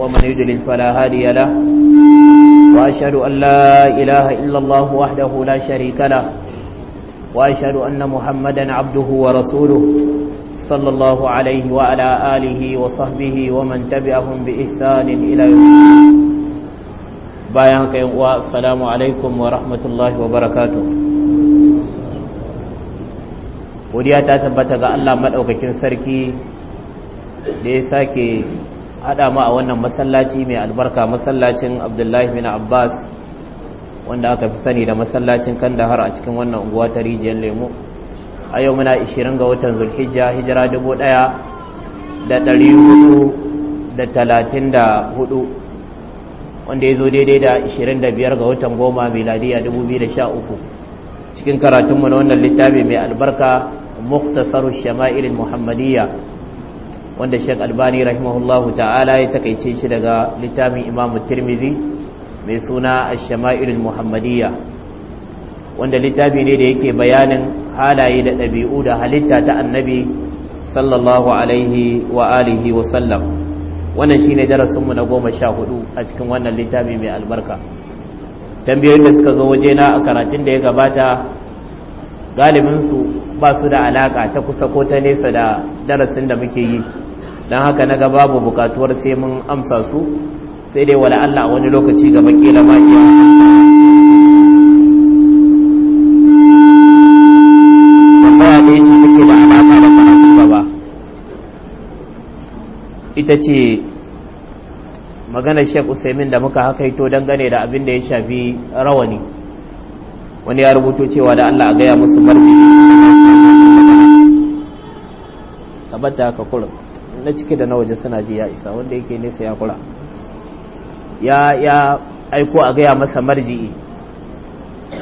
ومن يدلل فلا هادي له وأشهد أن لا إله إلا الله وحده لا شريك له وأشهد أن محمدا عبده ورسوله صلى الله عليه وعلى آله وصحبه ومن تبعهم بإحسان إلى يوم bayan haka yin uwa assalamu alaikum wa rahmatullahi wa barakatuh godiya ta tabbata ga Allah madaukakin sarki da ya sake haɗa mu a wannan masallaci mai albarka masallacin abdullahi bin abbas wanda aka fi sani da masallacin kandahar a cikin wannan unguwa ta rijiyar lemo a yau muna 20 ga watan zulhijja hijira 1434 wanda ya zo daidai da 25 ga watan goma miladiya 2013 cikin karatunmu na wannan littafi mai albarka muktasarun shama'irin muhammadiyya wanda shek albani rahimahullahu ta'ala ya takaice shi daga littafin imamu tirmizi mai suna ashama'ilul muhammadiyya wanda littafi ne da yake bayanin halaye da ɗabi'u da halitta ta annabi sallallahu alaihi wa alihi wa sallam wannan shine darasinmu na goma sha hudu a cikin wannan littafi mai albarka tambayoyin da suka zo waje na a karatun da ya gabata galibinsu ba su da alaka ta kusa ko ta nesa da darasin da muke yi don haka na ga babu bukatuwar sai mun amsa su sai dai wala Allah wani lokaci gaba kila ma iya ita ce maganar shek Usaimin da muka hakaito dangane da abin da ya shafi rawani wani ya rubuto cewa da Allah a gaya musu marji ka bata ka kula. na ciki da na waje suna ji ya isa wanda yake nesa ya kula ya ya aiko a gaya masa marji'i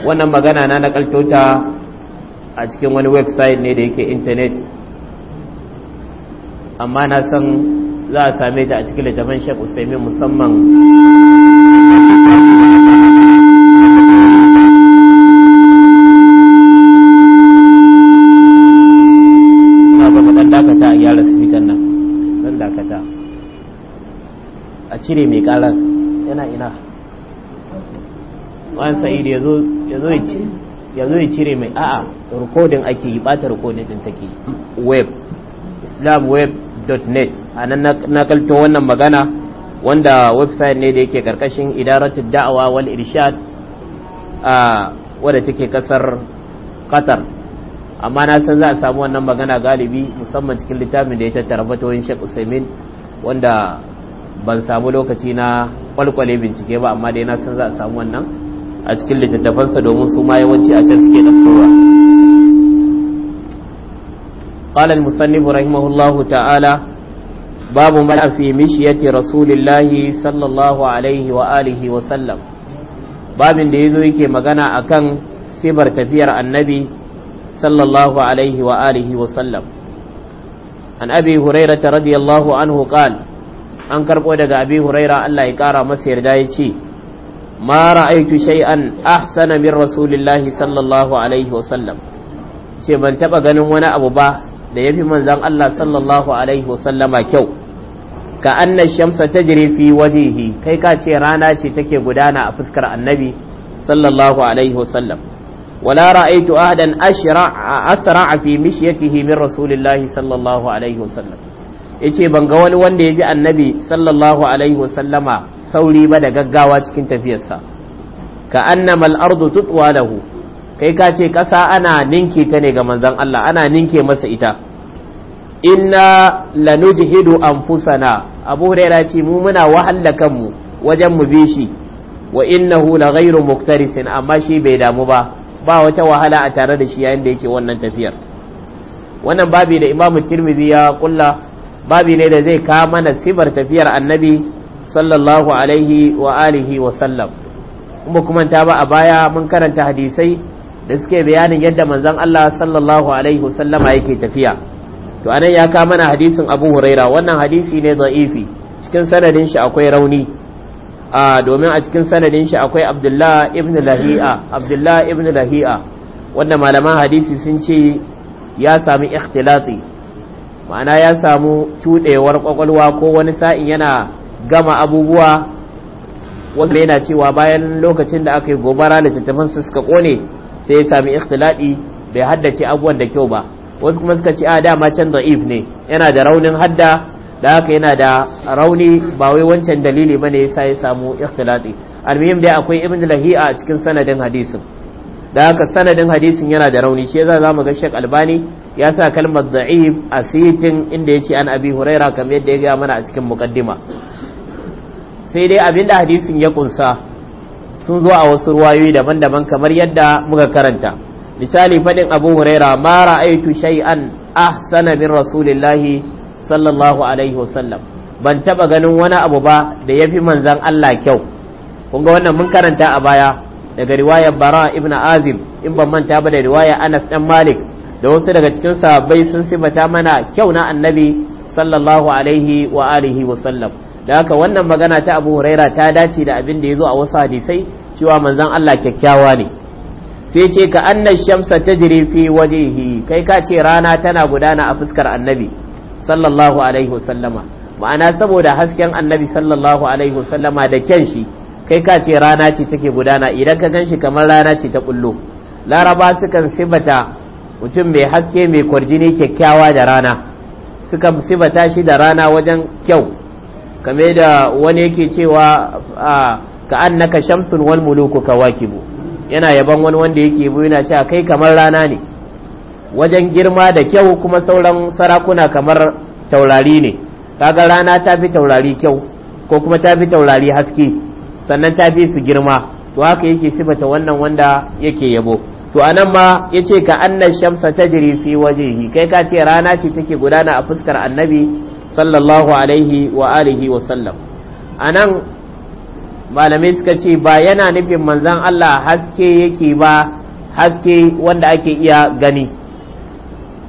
wannan magana na na ta a cikin wani website ne da yake internet amma na san za a same ta a cikin littafin shek usaimi musamman cire mai yana ina sa'id ya zo ya cire mai a'a rikodin ake yi bata rikodin din take web islamweb.net a nan kalto wannan magana wanda website ne da yake karkashin idaratu da'awa wal irshad a wadda take kasar qatar amma na san za a samu wannan magana galibi musamman cikin littafin da ya tattara fatoyin Sheikh Usaimin wanda ban samu lokaci na kwalkwale bincike ba amma dai na san za a samu wannan a cikin littattafansa domin su ma yawanci a can suke daftarwa qala al-musannif rahimahullahu ta'ala babu ma fi mishiyati rasulillahi sallallahu alaihi wa alihi wa sallam babin da yazo yake magana akan sibar tafiyar annabi sallallahu alaihi wa alihi wa sallam an abi hurayra radiyallahu anhu qala an karɓo daga abi huraira Allah ya ƙara masa yarda ya ce ma ra'aitu shay'an ahsana min rasulillah sallallahu alaihi wa sallam. ce ban taɓa ganin wani abu ba da yafi manzon Allah sallallahu alaihi wa wasallama kyau ka anna shamsa tajri fi wajhihi kai ka ce rana ce take gudana a fuskar annabi sallallahu alaihi wa wasallam ولا رأيت أحدا أشرع أسرع في مشيته من رسول الله صلى الله عليه وسلم yace ban ga wani wanda ya bi annabi sallallahu alaihi wasallama sauri ba da gaggawa cikin tafiyarsa ka annamal ardu tutwa lahu kai ka ce kasa ana ninke ta ne ga manzon Allah ana ninke masa ita inna lanujhidu anfusana abu ya ce mu muna wahalla kanmu wajen mu bi shi wa innahu la ghayru muktarisin amma shi bai damu ba ba wata wahala a tare da shi yayin da yake wannan tafiyar wannan babi da imamu tirmidhi ya kulla babi ne da zai kawo mana sifar tafiyar annabi sallallahu alaihi wa alihi wa sallam kuma kuma ta ba a baya mun karanta hadisai da suke bayanin yadda manzon Allah sallallahu alaihi wa sallam yake tafiya to anan ya kawo mana hadisin Abu Huraira wannan hadisi ne da'ifi cikin sanadin shi akwai rauni a domin a cikin sanadin shi akwai Abdullah ibn Lahi'a Abdullah ibn Lahi'a wanda malaman hadisi sun ce ya sami ikhtilati ma'ana ya samu cuɗewar kwakwalwa ko wani sa'in yana gama abubuwa wanda yana cewa bayan lokacin da aka yi gobara littattafan su suka ƙone sai ya sami ikhtilaɗi bai haddace abubuwan da kyau ba wasu kuma suka ce a dama can if ne yana da raunin hadda da haka yana da rauni ba wai wancan dalili ne ne ya samu ikhtilaɗi almuhim dai akwai ibn lahi'a a cikin sanadin hadisin da haka sanadin hadisin yana da rauni shi za mu ga shek Albani ya sa kalmar da'if a sitin inda ya ce an abi huraira kamar yadda ya gaya mana a cikin mukaddima sai dai abin da hadisin ya kunsa sun zo a wasu ruwayoyi daban-daban kamar yadda muka karanta misali faɗin abu huraira aitu ra'aitu shay'an ahsana min rasulillahi sallallahu alaihi wasallam ban taba ganin wani abu ba da yafi manzan Allah kyau kun ga wannan mun karanta a baya daga riwayar bara ibn azim in ban manta ba da riwayar anas dan malik da wasu daga cikin sahabbai sun sifata mana kyau na annabi sallallahu alaihi wa alihi wa sallam da haka wannan magana ta abu huraira ta dace da abin da ya zo a wasu hadisai cewa manzon Allah kyakkyawa ne sai ce ka annash shamsa tajri fi wajhihi kai ka ce rana tana gudana a fuskar annabi sallallahu alaihi wa sallama ma'ana saboda hasken annabi sallallahu alaihi wa sallama da kyan shi kai ka ce rana ce take gudana idan ka ganshi kamar rana ce ta kullu laraba sukan sibata mutum mai haske mai kwarjini kyakkyawa da rana suka sibata shi da rana wajen kyau kame da wani yake cewa ka naka shamsun wal muluku ka kawakibu yana yaban wani wanda yake bu yana cewa kai kamar rana ne wajen girma da kyau kuma sauran sarakuna kamar taurari ne kaga rana ta fi taurari kyau ko kuma ta fi taurari haske sannan ta fi su girma to haka yake sibata wannan wanda yake yabo to anan ma yace ka annan shamsa tajri fi wajhihi kai ka ce rana ce take gudana a fuskar annabi sallallahu alaihi wa alihi wa sallam anan malamai suka ce ba yana nufin manzon Allah haske yake ba haske wanda ake iya gani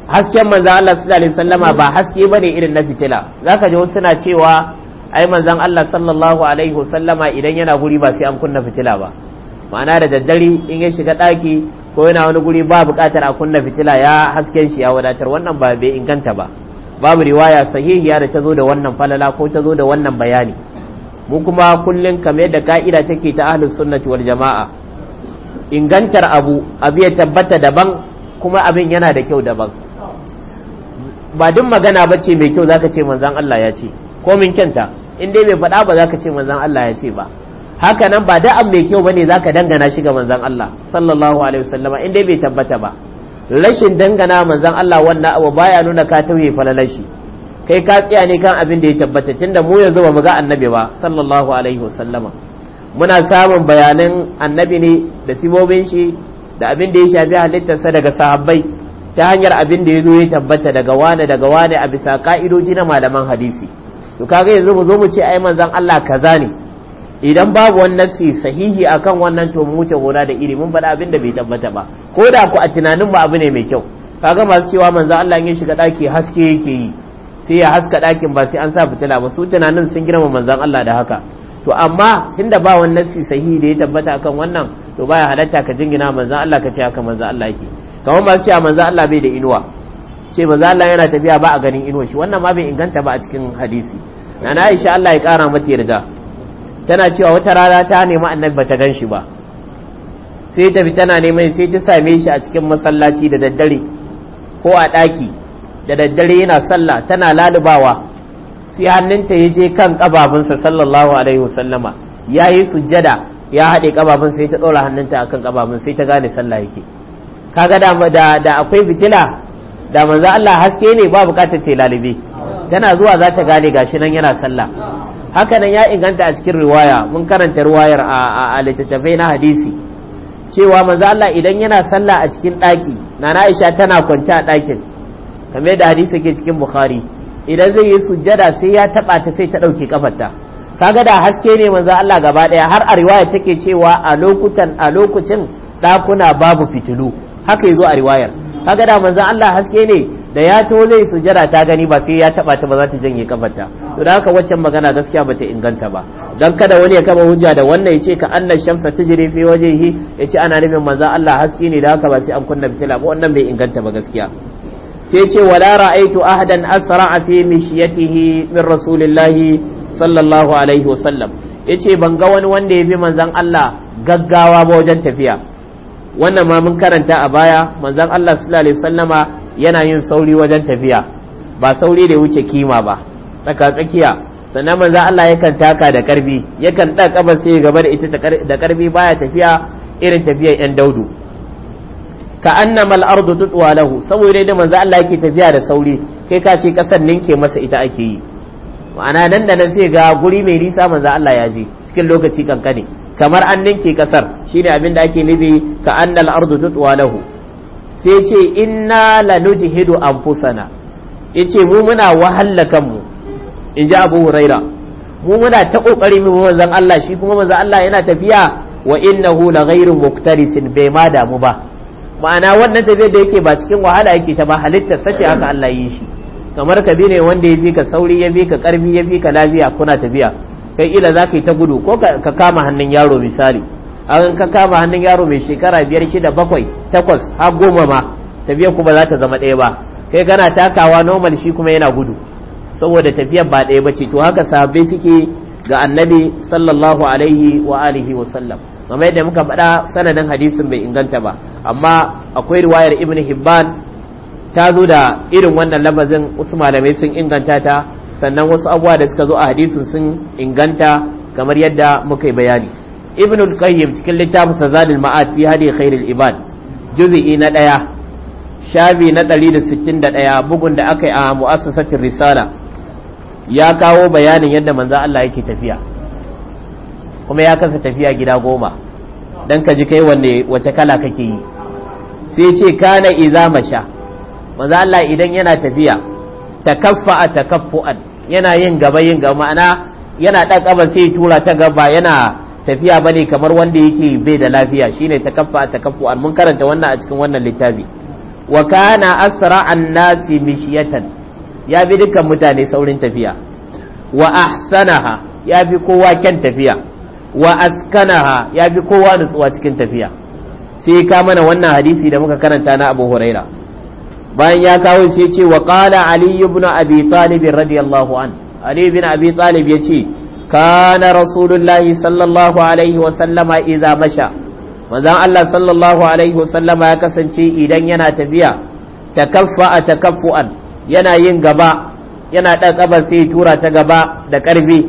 hasken manzon Allah sallallahu alaihi sallama ba haske bane irin na fitila zaka ji wasu suna cewa ai manzon Allah sallallahu alaihi wa sallama idan yana guri ba sai an kunna fitila ba ma'ana da daddare in ya shiga daki ko yana wani guri ba buƙatar a kunna fitila ya hasken shi ya wadatar wannan ba bai inganta ba babu riwaya sahihiya da ta zo da wannan falala ko ta zo da wannan bayani mu kuma kullun kamar yadda ka'ida take ta ahlus sunnati wal jama'a ingantar abu abu ya tabbata daban kuma abin yana da kyau daban ba duk magana bace mai kyau zaka ce manzon Allah ya ce ko min kyanta in dai bai faɗa ba zaka ce manzon Allah ya ce ba haka nan ba da'an mai kyau bane zaka dangana shi ga manzon Allah sallallahu alaihi wasallam in dai bai tabbata ba rashin dangana manzon Allah wannan abu baya nuna ka tauye falalar shi kai ka tsaya ne kan abin da ya tabbata tunda mu yanzu ba mu ga annabi ba sallallahu alaihi wasallam muna samun bayanan annabi ne da sibobin shi da abin da ya shafi halittarsa daga sahabbai ta hanyar abin da ya zo ya tabbata daga wane daga wane a bisa ka'idoji na malaman hadisi to kaga yanzu mu zo mu ce ai manzon Allah kaza ne idan babu wani nafsi sahihi akan wannan to mu wuce gona da iri mun faɗa abin da bai tabbata ba ko da ku a tunanin mu abu ne mai kyau kaga masu cewa manzo Allah ya shiga daki haske yake yi sai ya haska dakin ba sai an sa fitila ba su tunanin sun girma manzan Allah da haka to amma tunda ba wani nafsi sahihi da ya tabbata akan wannan to baya halatta ka jingina manzon Allah ka ce haka manzon Allah yake kamar masu cewa manzon Allah bai da inuwa ce manzo Allah yana tafiya ba a ganin inuwa shi wannan ma bai inganta ba a cikin hadisi na na Aisha Allah ya kara mata yarda tana cewa wata rana ta nemi annabi bata gan shi ba sai tafi tana neman sai ta same shi a cikin masallaci da daddare ko a daki da daddare yana salla tana lalubawa sai hannunta ya je kan kababinsa sallallahu alaihi wasallama ya yi sujjada ya haɗe ƙababin sai ta ɗora hannunta akan ƙababin sai ta gane sallah yake kaga da da akwai fitila da manzo Allah haske ne ba bukatar ta lalube tana zuwa za ta gane gashi nan yana sallah hakanan ya inganta a cikin riwaya mun karanta riwayar a littattafai na hadisi cewa manzo Allah idan yana sallah a cikin daki nana Aisha tana kwance a dakin kamar da hadisi ke cikin Bukhari idan zai yi sujjada sai ya taba ta sai ta dauke kafarta kaga da haske ne manzo Allah gaba daya har a riwaya take cewa a lokutan a lokacin dakuna babu fitilu haka yazo a riwayar kaga da manzo Allah haske ne da ya to zai sujada ta gani ba sai ya taba ta ba za ta janye kafarta to da haka waccan magana gaskiya bata inganta ba dan kada wani ya kama hujja da wannan ya ce ka annas shamsa tajri fi wajhihi ya ce ana nufin manzo Allah haske ne da haka ba sai an kunna fitila ba wannan bai inganta ba gaskiya sai yace wala ra'aytu ahadan asra'a fi mishyatihi min rasulillahi sallallahu alaihi wasallam yace ban ga wani wanda ya bi manzon Allah gaggawa ba wajen tafiya wannan ma mun karanta a baya manzon Allah sallallahu alaihi wasallama yana yin sauri wajen tafiya ba sauri da wuce kima ba tsaka tsakiya sannan manzo Allah yakan taka da karfi yakan da kabar sai gaba da ita da karfi baya tafiya irin tafiyar yan daudu ka annama al-ardu tudwa lahu saboda dai manzo Allah yake tafiya da sauri kai ka ce kasar ninke masa ita ake yi ma'ana nan da nan sai ga guri mai nisa manzo Allah ya je cikin lokaci kankane kamar an ninke kasar shine abin da ake nufi ka annal ardu tudwa lahu sai ce inna lanujhidu anfusana yace mu muna wahalla kanmu in ji Abu Huraira mu muna ta kokari mu manzon Allah shi kuma manzon Allah yana tafiya wa innahu la ghairu muqtarisin bai ma da mu ba ma'ana wannan tafiyar da yake ba cikin wahala yake ta ba halittar sace aka Allah yi shi kamar ka ne wanda ya bi ka sauri ya bi ka karfi ya bi ka lafiya kuna tafiya kai ila zaka yi ta gudu ko ka kama hannun yaro misali an ka kama hannun yaro mai shekara biyar shida bakwai takwas har goma ma tafiyar kuma ba za ta zama ɗaya ba kai gana takawa normal shi kuma yana gudu saboda tafiyar ba ɗaya bace to haka sahabbai suke ga annabi sallallahu alaihi wa alihi wa sallam kamar yadda muka faɗa sanadin hadisin bai inganta ba amma akwai riwayar ibn hibban ta zo da irin wannan labazin wasu malamai sun inganta ta sannan wasu abubuwa da suka zo a hadisin sun inganta kamar yadda muka yi bayani ibn al-qayyim cikin littafin sazadul ma'ad fi hadi khairul ibad juz'i na daya shabi na 161 bugun da aka yi a mu'assasatin risala ya kawo bayanin yadda manzo Allah yake tafiya kuma ya kasa tafiya gida goma dan ka ji kai wanne wace kala kake yi sai ce kana iza masha manzo Allah idan yana tafiya takaffa takaffuan yana yin gaba yin gaba ma'ana yana dan kaba sai tura ta gaba yana tafiya bane kamar wanda yake bai da lafiya shine takaffa takaffu an mun karanta wannan a cikin wannan littafi wa kana asra an-nasi mishyatan ya bi dukkan mutane saurin tafiya wa ahsanaha ya bi kowa kyan tafiya wa askanaha ya bi kowa nutsuwa cikin tafiya sai ka mana wannan hadisi da muka karanta na Abu Huraira bayan ya kawo sai ce wa qala Ali ibn Abi Talib radiyallahu an Ali ibn Abi Talib ce. kana rasulullahi sallallahu alaihi wasallama iza masha manzon Allah sallallahu alaihi wasallama ya kasance idan yana tafiya takaffa takaffu'an yana yin gaba yana ɗan ƙabar sai tura ta gaba da ƙarfi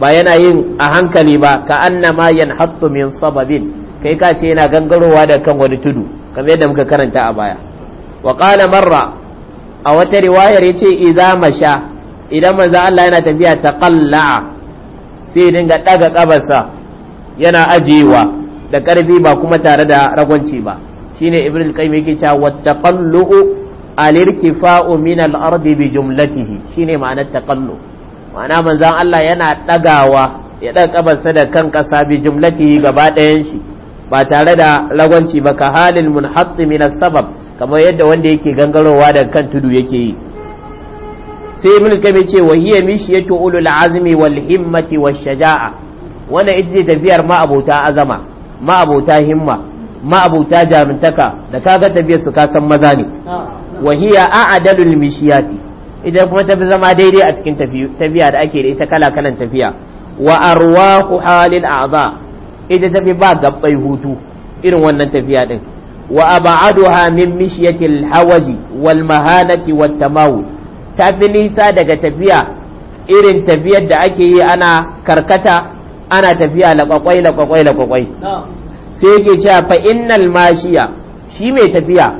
ba yana yin a hankali ba ka annama yanhattu min sababin kai ka ce yana gangarowa da kan wani tudu kamar yadda muka karanta a baya wa qala marra a wata riwayar yace idza masha idan manzo Allah yana tafiya ta kalla'a. sai dinga daga kabarsa yana ajiyewa da karfi ba kuma tare da ragwanci ba shine Ibrahim al-qayyim yake cewa wattaqallu al-irtifa'u min al-ardi bi jumlatihi shine ma'anar taqallu ma'ana manzon Allah yana dagawa ya daga kabarsa da kan kasa bi jumlatihi gaba ɗayan shi ba tare da ragwanci ba ka halin munhatti min as-sabab kamar yadda wanda yake gangarowa da kan tudu yake yi sai ibn kabe ce wa hiya mishiyatu ulul azmi wal himmati wash shaja'a wannan ita ce tafiyar ma abota azama ma abota himma ma abota jamintaka da kaga tafiyar su ka san maza ne wa hiya a'dalul mishiyati idan kuma tafi zama daidai a cikin tafiya da ake da ita kala kalan tafiya wa arwahu halil a'za ita tafi ba gabbai hutu irin wannan tafiya din wa abaduha min mishiyatil hawaji wal mahanati wat tamawul ta fi nisa daga tafiya irin tafiyar da ake yi ana karkata ana tafiya laƙwaƙwai laƙwaƙwai laƙwaƙwai sai yake cewa fa innal mashiya shi mai tafiya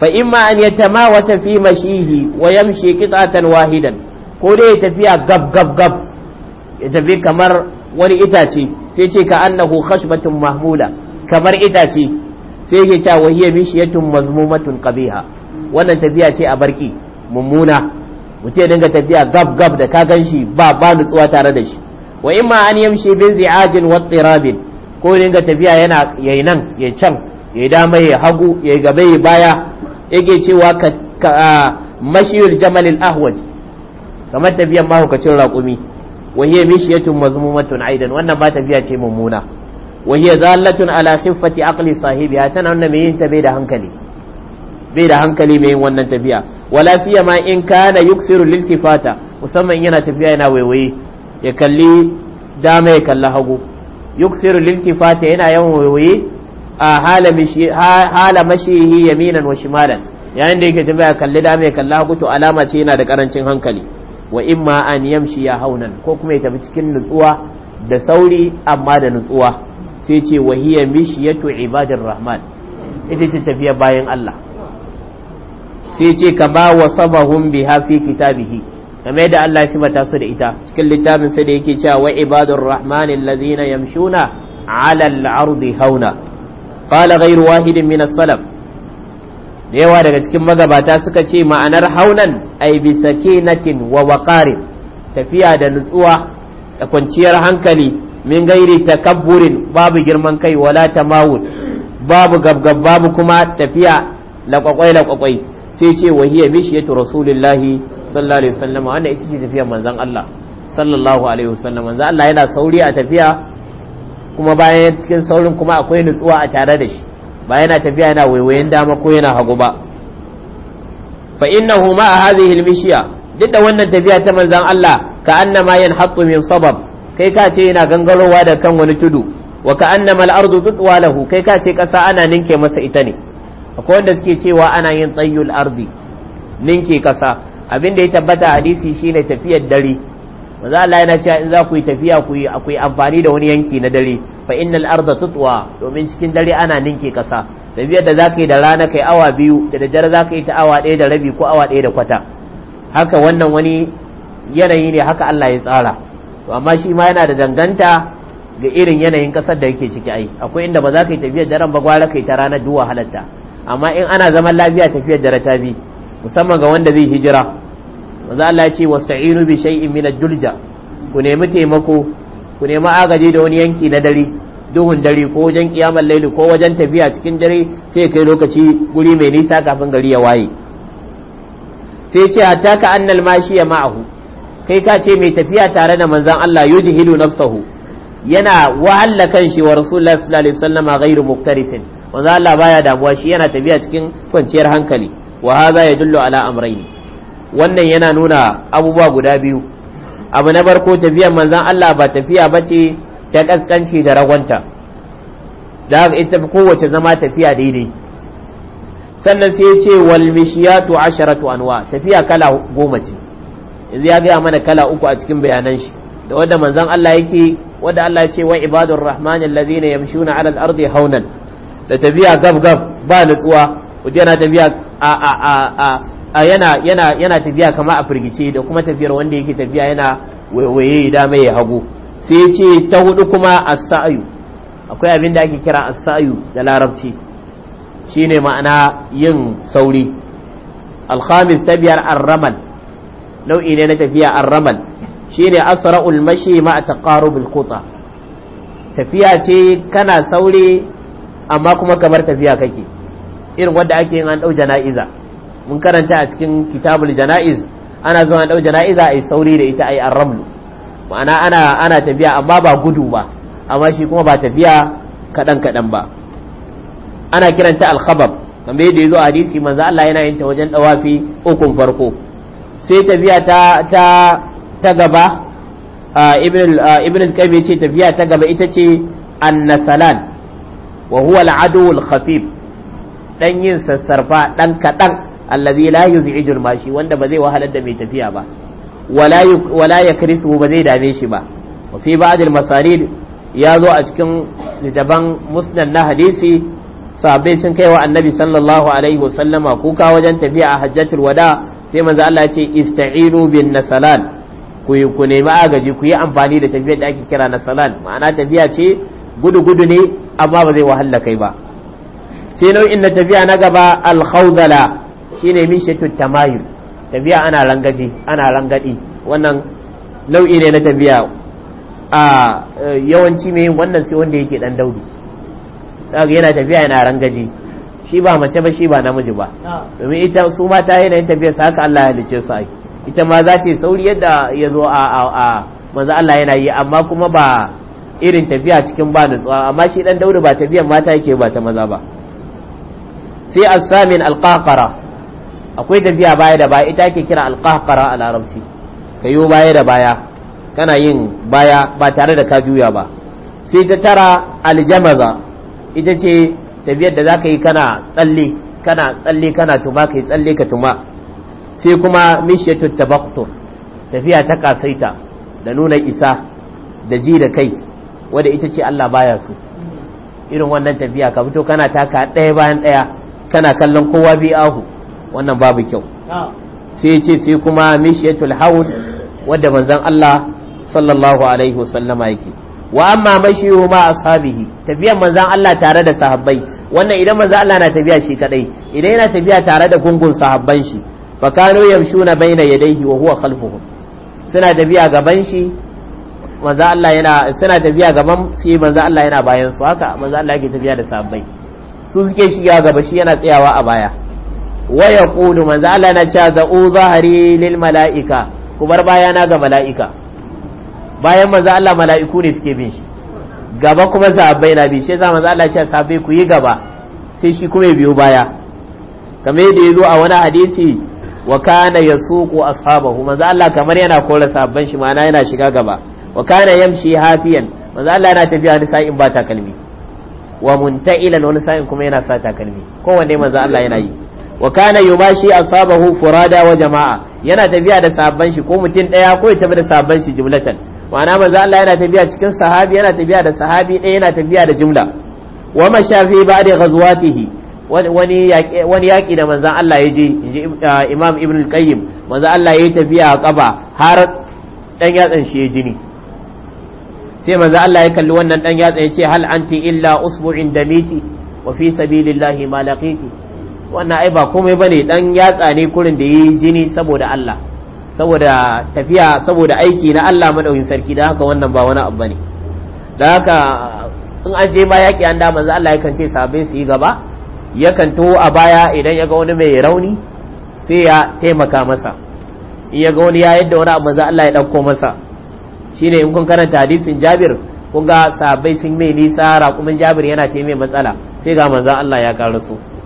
fa imma an yatamawata fi mashihi wa yamshi qit'atan wahidan ko dai ya tafiya gab gab gab ya tafi kamar wani itace sai ce ka annahu khashbatun mahmuda kamar itace sai yake cewa wahiya mishiyatun mazmumatun qabiha wannan tafiya ce a barki mummuna mutum ya dinga tafiya gab gab da ka gan shi ba ba nutsuwa tare da shi wa imma an yamshi bin zi'ajin wa tirabin ko dinga tafiya yana yayi nan yayi can ya dama ya hagu ya gaba ya baya yake cewa ka mashiyul jamalil ahwaj kamar tafiyan mahaukacin raƙumi wa hiya mishiyatun mazmumatun aidan wannan ba tafiya ce mummuna wa hiya zallatun ala khiffati aqli sahibiha tana wannan mai yin ta bai da hankali bai da hankali mai yin wannan tafiya wala ma in kana yuksiru liltifata musamman yana tafiya yana waiwaye ya kalli dama ya kalli hagu yuksiru liltifata yana yawan waiwaye a hala mashihi yaminan wa shimalan yayin da yake tafiya kalli dama ya kalli hagu to alama ce yana da karancin hankali wa imma an yamshi ya haunan ko kuma ya tafi cikin nutsuwa da sauri amma da nutsuwa sai ce wahiya mishiyatu ibadar rahman ita ce tafiya bayan Allah sai ce ka ba wa sabahun biha fi kitabihi game da Allah shi mata su da ita cikin littafin sa da yake cewa wa ibadur rahmanin lazina yamshuna ala al-ardi hauna qala ghayru wahidin min as-salaf da yawa daga cikin magabata suka ce ma'anar haunan ay bi sakinatin wa waqarin tafiya da nutsuwa da kwanciyar hankali min gairi takabburin babu girman kai wala tamawun babu gabgab babu kuma tafiya laƙwaƙwai-laƙwaƙwai sai ce wahiya mishiyatu rasulillahi sallallahu alaihi wasallam ita ce tafiya manzan Allah sallallahu alaihi wasallam manzan Allah yana sauri a tafiya kuma bayan cikin saurin kuma akwai nutsuwa a tare da shi ba yana tafiya yana waiwayen dama ko yana hagu ba fa innahu ma hadhihi almishiya duk da wannan tafiya ta manzon Allah ka annama yanhattu min sabab kai ka ce yana gangarowa da kan wani tudu wa ka annama al-ardu tutwa lahu kai ka ce kasa ana ninke masa ita ne akwai wanda suke cewa ana yin tsayyul ardi ninke kasa abin da ya tabbata hadisi shine tafiyar dare maza Allah yana cewa in za ku yi tafiya ku yi akwai amfani da wani yanki na dare fa innal arda tutwa domin cikin dare ana ninke kasa tafiyar da zaka da rana kai awa biyu da daddare zaka yi ta awa ɗaya da rabi ko awa ɗaya da kwata haka wannan wani yanayi ne haka Allah ya tsara to amma shi ma yana da danganta ga irin yanayin kasar da yake ciki ai akwai inda ba za ka yi tafiyar daren ba gwara kai ta rana duwa halatta amma in ana zaman lafiya tafiyar da ta bi musamman ga wanda zai hijira maza Allah ce wasta'inu bi shay'in min ad-dulja ku nemi taimako ku nemi agaji da wani yanki na dare duhun dare ko wajen kiyamar laili ko wajen tafiya cikin dare sai kai lokaci guri mai nisa kafin gari ya waye sai ce hatta ka annal mashi ya ma'ahu kai ka ce mai tafiya tare da manzon Allah yujhilu nafsahu yana wahalla kan shi wa rasulullahi sallallahu alaihi wasallama ghairu muktarisin manzo Allah baya damuwa shi yana tafiya cikin kwanciyar hankali wa ya yadullu ala amrayni wannan yana nuna abubuwa guda biyu abu na barko tafiyar manzon Allah ba tafiya bace ta kaskanci da ragwanta da ita kowace zama tafiya daidai sannan sai ya ce wal mishiyatu asharatu anwa tafiya kala goma ce yanzu ya gaya mana kala uku a cikin bayanan shi da wanda manzon Allah yake wanda Allah ya ce wa ibadur rahman allazina yamshuna ala al-ardi haunan da tafiya gab gab ba nutsuwa mutum yana tafiya a a a a yana yana yana tafiya kama a firgice da kuma tafiyar wanda yake tafiya yana waiwaye da mai hagu sai ya ce ta hudu kuma as-sa'yu akwai abin da ake kira as-sa'yu da larabci shine ma'ana yin sauri al-khamis tabiyar ar-ramal nau'i ne na tafiya ar-ramal shine asra'ul mashi ma taqarubul quta tafiya ce kana sauri amma kuma kamar tafiya kake irin wadda ake yin an dau jana'iza mun karanta a cikin kitabul jana'iz ana zuwa an dau jana'iza ai sauri da ita ai arramlu ma'ana ana ana tafiya amma ba gudu ba amma shi kuma ba tafiya kadan kadan ba ana kiranta al-khabab kamar yadda yazo hadisi manzo Allah yana yin ta wajen dawafi ukun farko sai tafiya ta ta ta gaba ibn ibn al-qayyim yace tafiya ta gaba ita ce an-nasalan wa huwa al-aduwul khafif ɗan yin sassarfa dan kadan allazi la yuz'ijul mashi wanda ba zai wahalar da mai tafiya ba wala wala yakrisu ba zai dame shi ba wa fi ba'd al-masarid ya zo a cikin daban musnad na hadisi sahabbai sun kai wa annabi sallallahu alaihi wasallama kuka wajen tafiya a hajjatul wada sai maza Allah ya ce ista'inu bin nasalan ku ku nemi agaji ku yi amfani da tafiyar da ake kira nasalan ma'ana tafiya ce gudu gudu ne amma ba zai wahala kai ba sai nau'in na tafiya na gaba alkhawdala shine mishatu tamayul tafiya ana rangaji ana rangadi wannan nau'i ne na tafiya a e, yawanci mai yin wannan sai wanda yake dan daudi yana tafiya yana rangaji shi ba mace ba shi ba namiji ba ah. domin ita su mata yana yin tafiya sa haka Allah ya halice su ai ita ma za ta yi sauri yadda ya zo a a manzo Allah yana yi amma kuma ba irin tafiya cikin ba nutsuwa amma shi dan daudu ba tafiyan mata yake ba ta maza ba sai as-samin al akwai tafiya baya da baya ita ke kira al a larabci kayo baya da baya kana yin baya ba tare da ka juya ba sai ta tara al ita ce tafiyar da zaka yi kana tsalle kana tsalle kana tuma kai tsalle ka tuma sai kuma mishyatut tabaqtur tafiya ta kasaita da nuna isa da ji da kai wadda ita ce Allah baya su irin wannan tafiya ka fito kana taka ɗaya bayan ɗaya kana kallon kowa bi ahu wannan babu kyau sai ce sai kuma mishiyatul haul wadda manzon Allah sallallahu alaihi wasallama yake wa amma mashiyu ma ashabihi tafiyar manzon Allah tare da sahabbai wannan idan manzon Allah na tafiya shi kadai idan yana tafiya tare da gungun sahabban shi fa kanu yamshuna baina yadayhi wa huwa khalfuhum suna tafiya gaban shi manzo Allah yana suna tafiya gaban shi manzo Allah yana bayan su haka manzo Allah yake tafiya da sahabbai su suke shiga gaba shi yana tsayawa a baya wa yaqulu manzo Allah yana cewa u zahari lil malaika ku bar bayana ga malaika bayan manzo Allah mala'iku ne suke bin shi gaba kuma sahabbai na bi shi za manzo Allah ya ku yi gaba sai shi kuma ya biyo baya kamar yadda yazo a wani hadisi wa kana yasuqu ashabahu manzo Allah kamar yana kora sahabban shi ma'ana yana shiga gaba wa kana yamshi hafiyan manzo Allah yana tafiya wani sa'in ba takalmi wa munta'ilan wani sa'in kuma yana sa takalmi kowanne manzo Allah yana yi wa kana yubashi ashabahu furada wa jama'a yana tafiya da sabban shi ko mutum daya ko ya tafi da sabban shi jumlatan ma'ana manzo Allah yana tafiya cikin sahabi yana tafiya da sahabi ɗaya yana tafiya da jumla wa mashafi ba'da ghazwatihi wani yaƙi wani yaƙi da manzon Allah ya je ah, Imam Ibn al-Qayyim manzon Allah ya tafiya a kaba har dan yatsan shi ya jini sai manzo Allah ya kalli wannan dan yatsa ya ce hal anti illa usbu'in damiti wa fi sabilillahi ma laqiti wannan ai ba komai bane dan yatsa ne kurin da yayi jini saboda Allah saboda tafiya saboda aiki na Allah madaukin sarki da haka wannan ba wani abu bane da haka in an je ma yaki an da manzo Allah yakan ce sabbin su yi gaba yakan taho a baya idan ya ga wani mai rauni sai ya taimaka masa in ya ga wani ya yadda wani abu manzo Allah ya dauko masa shine in kun karanta hadisin Jabir kun ga sahabbai sun mai nisa raƙumin Jabir yana ce mai matsala sai ga manzon Allah ya Ya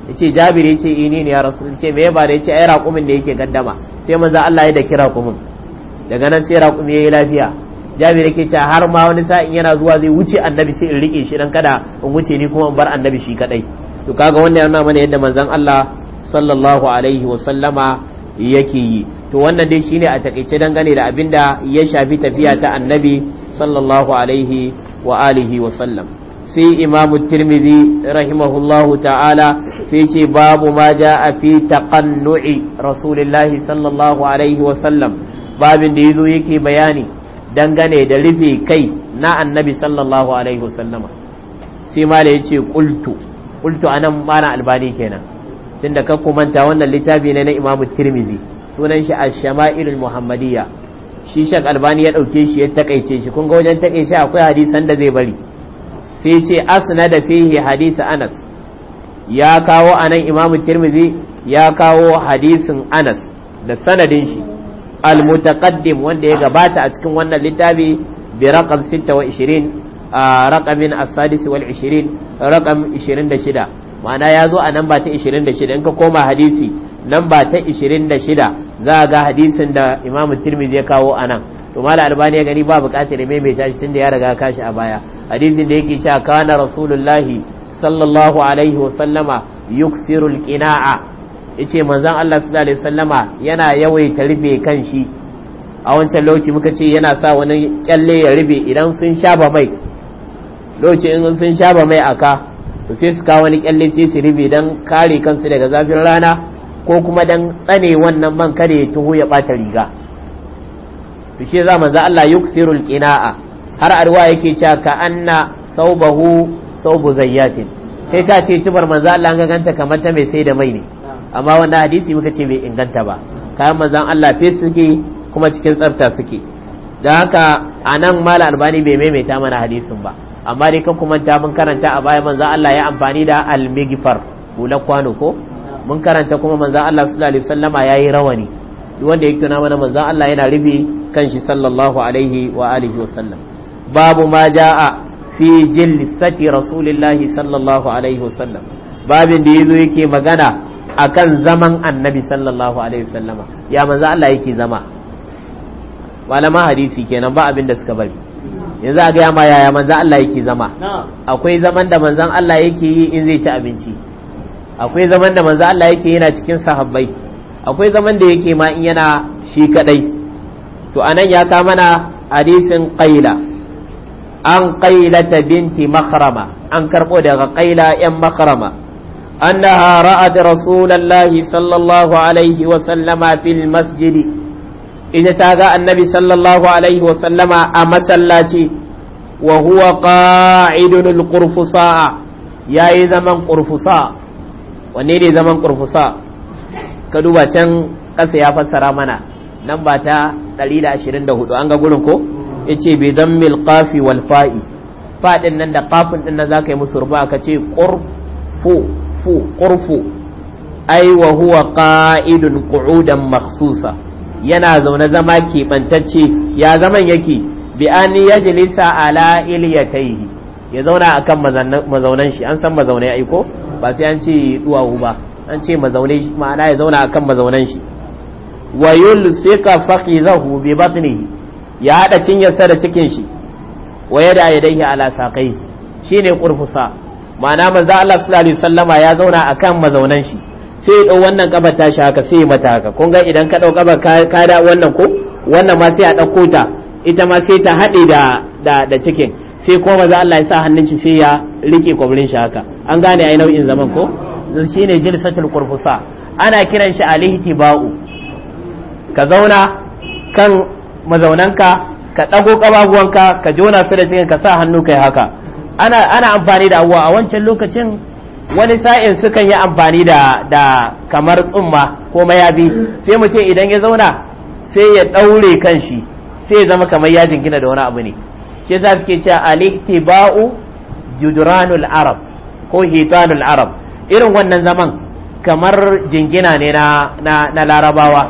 yace Jabir yace ini eh, ne ya rasul yace me ba da yace ai raƙumin da yake gaddama sai manzon Allah ya da kira raƙumin daga nan sai raƙumi yi lafiya Jabir yake cewa har ma wani sa'in yana zuwa zai wuce annabi sai in rike shi dan kada in wuce ni kuma in bar annabi shi kadai to kaga wannan yana mana yadda manzon Allah sallallahu alaihi wa sallama yake yi to wannan dai shine a takeice dangane da abinda ya shafi tafiya ta annabi sallallahu alaihi wa alihi wa sallam sai imam tirmidhi rahimahullahu ta'ala sai ce babu ma jaa fi taqannu'i rasulillahi sallallahu alaihi wa sallam babin da yazo yake bayani dangane da rufe kai na annabi sallallahu alaihi wa sallama sai mala yace qultu qultu anan mana albani kenan tunda ka kumanta wannan littafi ne na imam tirmidhi sunan shi al-shama'ilul muhammadiyya shi shek albani ya dauke shi ya takaice shi kun ga wajen shi akwai hadisan da zai bari sai ce asnada fihi hadisi anas ya kawo anan imam Tirmizi ya kawo hadisin anas da sanadin shi al-mutaqaddim wanda ya gabata a cikin wannan littafi bi raqam 26 a raqamin as-sadis wal 20 raqam 26 ma'ana ya zo a nan ba ta 26 in ka koma hadisi nan ba ta 26 za a ga hadisin da imamu tirmidhi ya kawo anan to mala albani ya gani ba bukatar mai mai tashi tunda ya riga kashi a baya hadisin da yake cewa kana rasulullahi sallallahu alaihi wa sallama yuksirul qina'a yace manzon Allah sallallahu alaihi sallama yana yawaita rufe kan shi a wancan lokaci muka ce yana sa wani kyalle ya rufe idan sun shaba mai lokaci in sun shaba mai aka to sai su ka wani kyalle ce su rufe dan kare kansu daga zafin rana ko kuma dan tsane wannan man kare ya tuho ya bata riga to shi za manzo Allah yuksirul qina'a har arwa yake cewa ka anna saubahu saubu zayyatin sai ta ce tubar manzo Allah an ganta kamar ta mai sai da mai ne amma wannan hadisi muka ce bai inganta ba kayan manzo Allah fe suke kuma cikin tsafta suke da haka anan mala albani bai maimaita mana hadisin ba amma dai kan kuma ta mun karanta a baya manzo Allah ya amfani da almigfar hulan kwano ko mun karanta kuma manzan Allah sallallahu alaihi wasallama yayi rawani wanda yake na mana manzan Allah yana rufe shi sallallahu alaihi wa alihi wasallam babu ma jaa fi jilsati rasulillahi sallallahu alaihi wasallam babin da yazo yake magana akan zaman annabi sallallahu alaihi wasallama ya manzan Allah yake zama malama hadisi kenan ba abin da suka bari yanzu a gaya ma yaya manzan Allah yake zama akwai zaman da manzan Allah yake yi in zai ci abinci akwai zaman da manza Allah yake yana cikin sahabbai akwai zaman da yake ma in yana shi kadai to anan ya ka mana hadisin qaila an qailata binti makrama an karbo daga qaila yan makrama annaha ra'at rasulullahi sallallahu alaihi wa sallama fil masjidi ita ta ga annabi sallallahu alaihi wa sallama a masallaci wa huwa qa'idun al-qurfusa yayi zaman qurfusa wanne ne zaman kurfusa ka duba can ƙasa ya fassara mana nan ba ta 124 an ga gurin ko ya ce bai zan mil ƙafi wal fa'i faɗin nan da ƙafin ɗin na za ka yi musu rufa ka ce ƙurfu ai huwa ƙa'idun ƙu'udan maksusa yana zaune zama keɓantacce ya zaman yake bi an ya jilisa ala iliyataihi ya zauna akan mazaunan shi an san mazaunai aiko ba sai an ce duwawu ba an ce mazaune ma'ana ya zauna akan mazaunan shi wa yulsika faqizahu bi batnihi ya hada cinyarsa da cikin shi wa yada yadayhi ala saqai shine qurfusa ma'ana manzo Allah sallallahu alaihi wasallama ya zauna akan mazaunan shi sai dau wannan kabar tashi haka sai mata haka kun ga idan ka dau kabar ka da wannan ko wannan ma sai a dauko ta ita ma sai ta hade da da cikin sai ko maza Allah ya sa hannun shi sai ya rike kwabrin shi haka an gane ai nau'in zaman ko shine jilsatul qurfusa ana kiran shi alihtiba'u ka zauna kan mazaunanka ka dago kababuwanka ka jona su da cikin ka sa hannu kai haka ana ana amfani da abuwa a wancan lokacin wani sa'in sukan yi amfani da da kamar tsumma ko mayabi sai mutum idan ya zauna sai ya daure kanshi sai ya zama kamar yajin gina da wani abu ne shi za ke ce alihtiba'u judranul arab ko hitanul arab irin wannan zaman kamar jingina ne na larabawa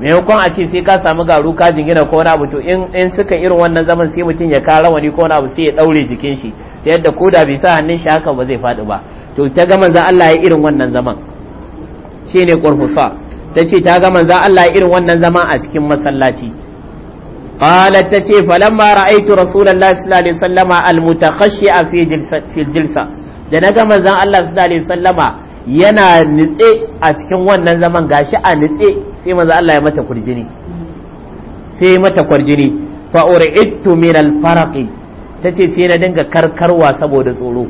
maimakon a ce sai ka samu garu ka jingina ko wani abu to in suka irin wannan zaman sai mutum ya kara wani ko wani abu sai ya daure jikin shi ta yadda ko da bai sa hannun shi haka ba zai faɗi ba to ta ga manzan Allah ya irin wannan zaman shine qurfusa ta ce ta ga manzan Allah ya irin wannan zaman a cikin masallaci qalat tace falamma ra'aytu rasulullahi sallallahu alaihi wasallama almutakhashshi'a fi fi jilsa da naga manzon Allah sallallahu alaihi wasallama yana nitse a cikin wannan zaman gashi a nitse sai manzon Allah ya mata kurjini sai mata kwarjini fa ur'idtu min al-farqi tace sai na dinga karkarwa saboda tsoro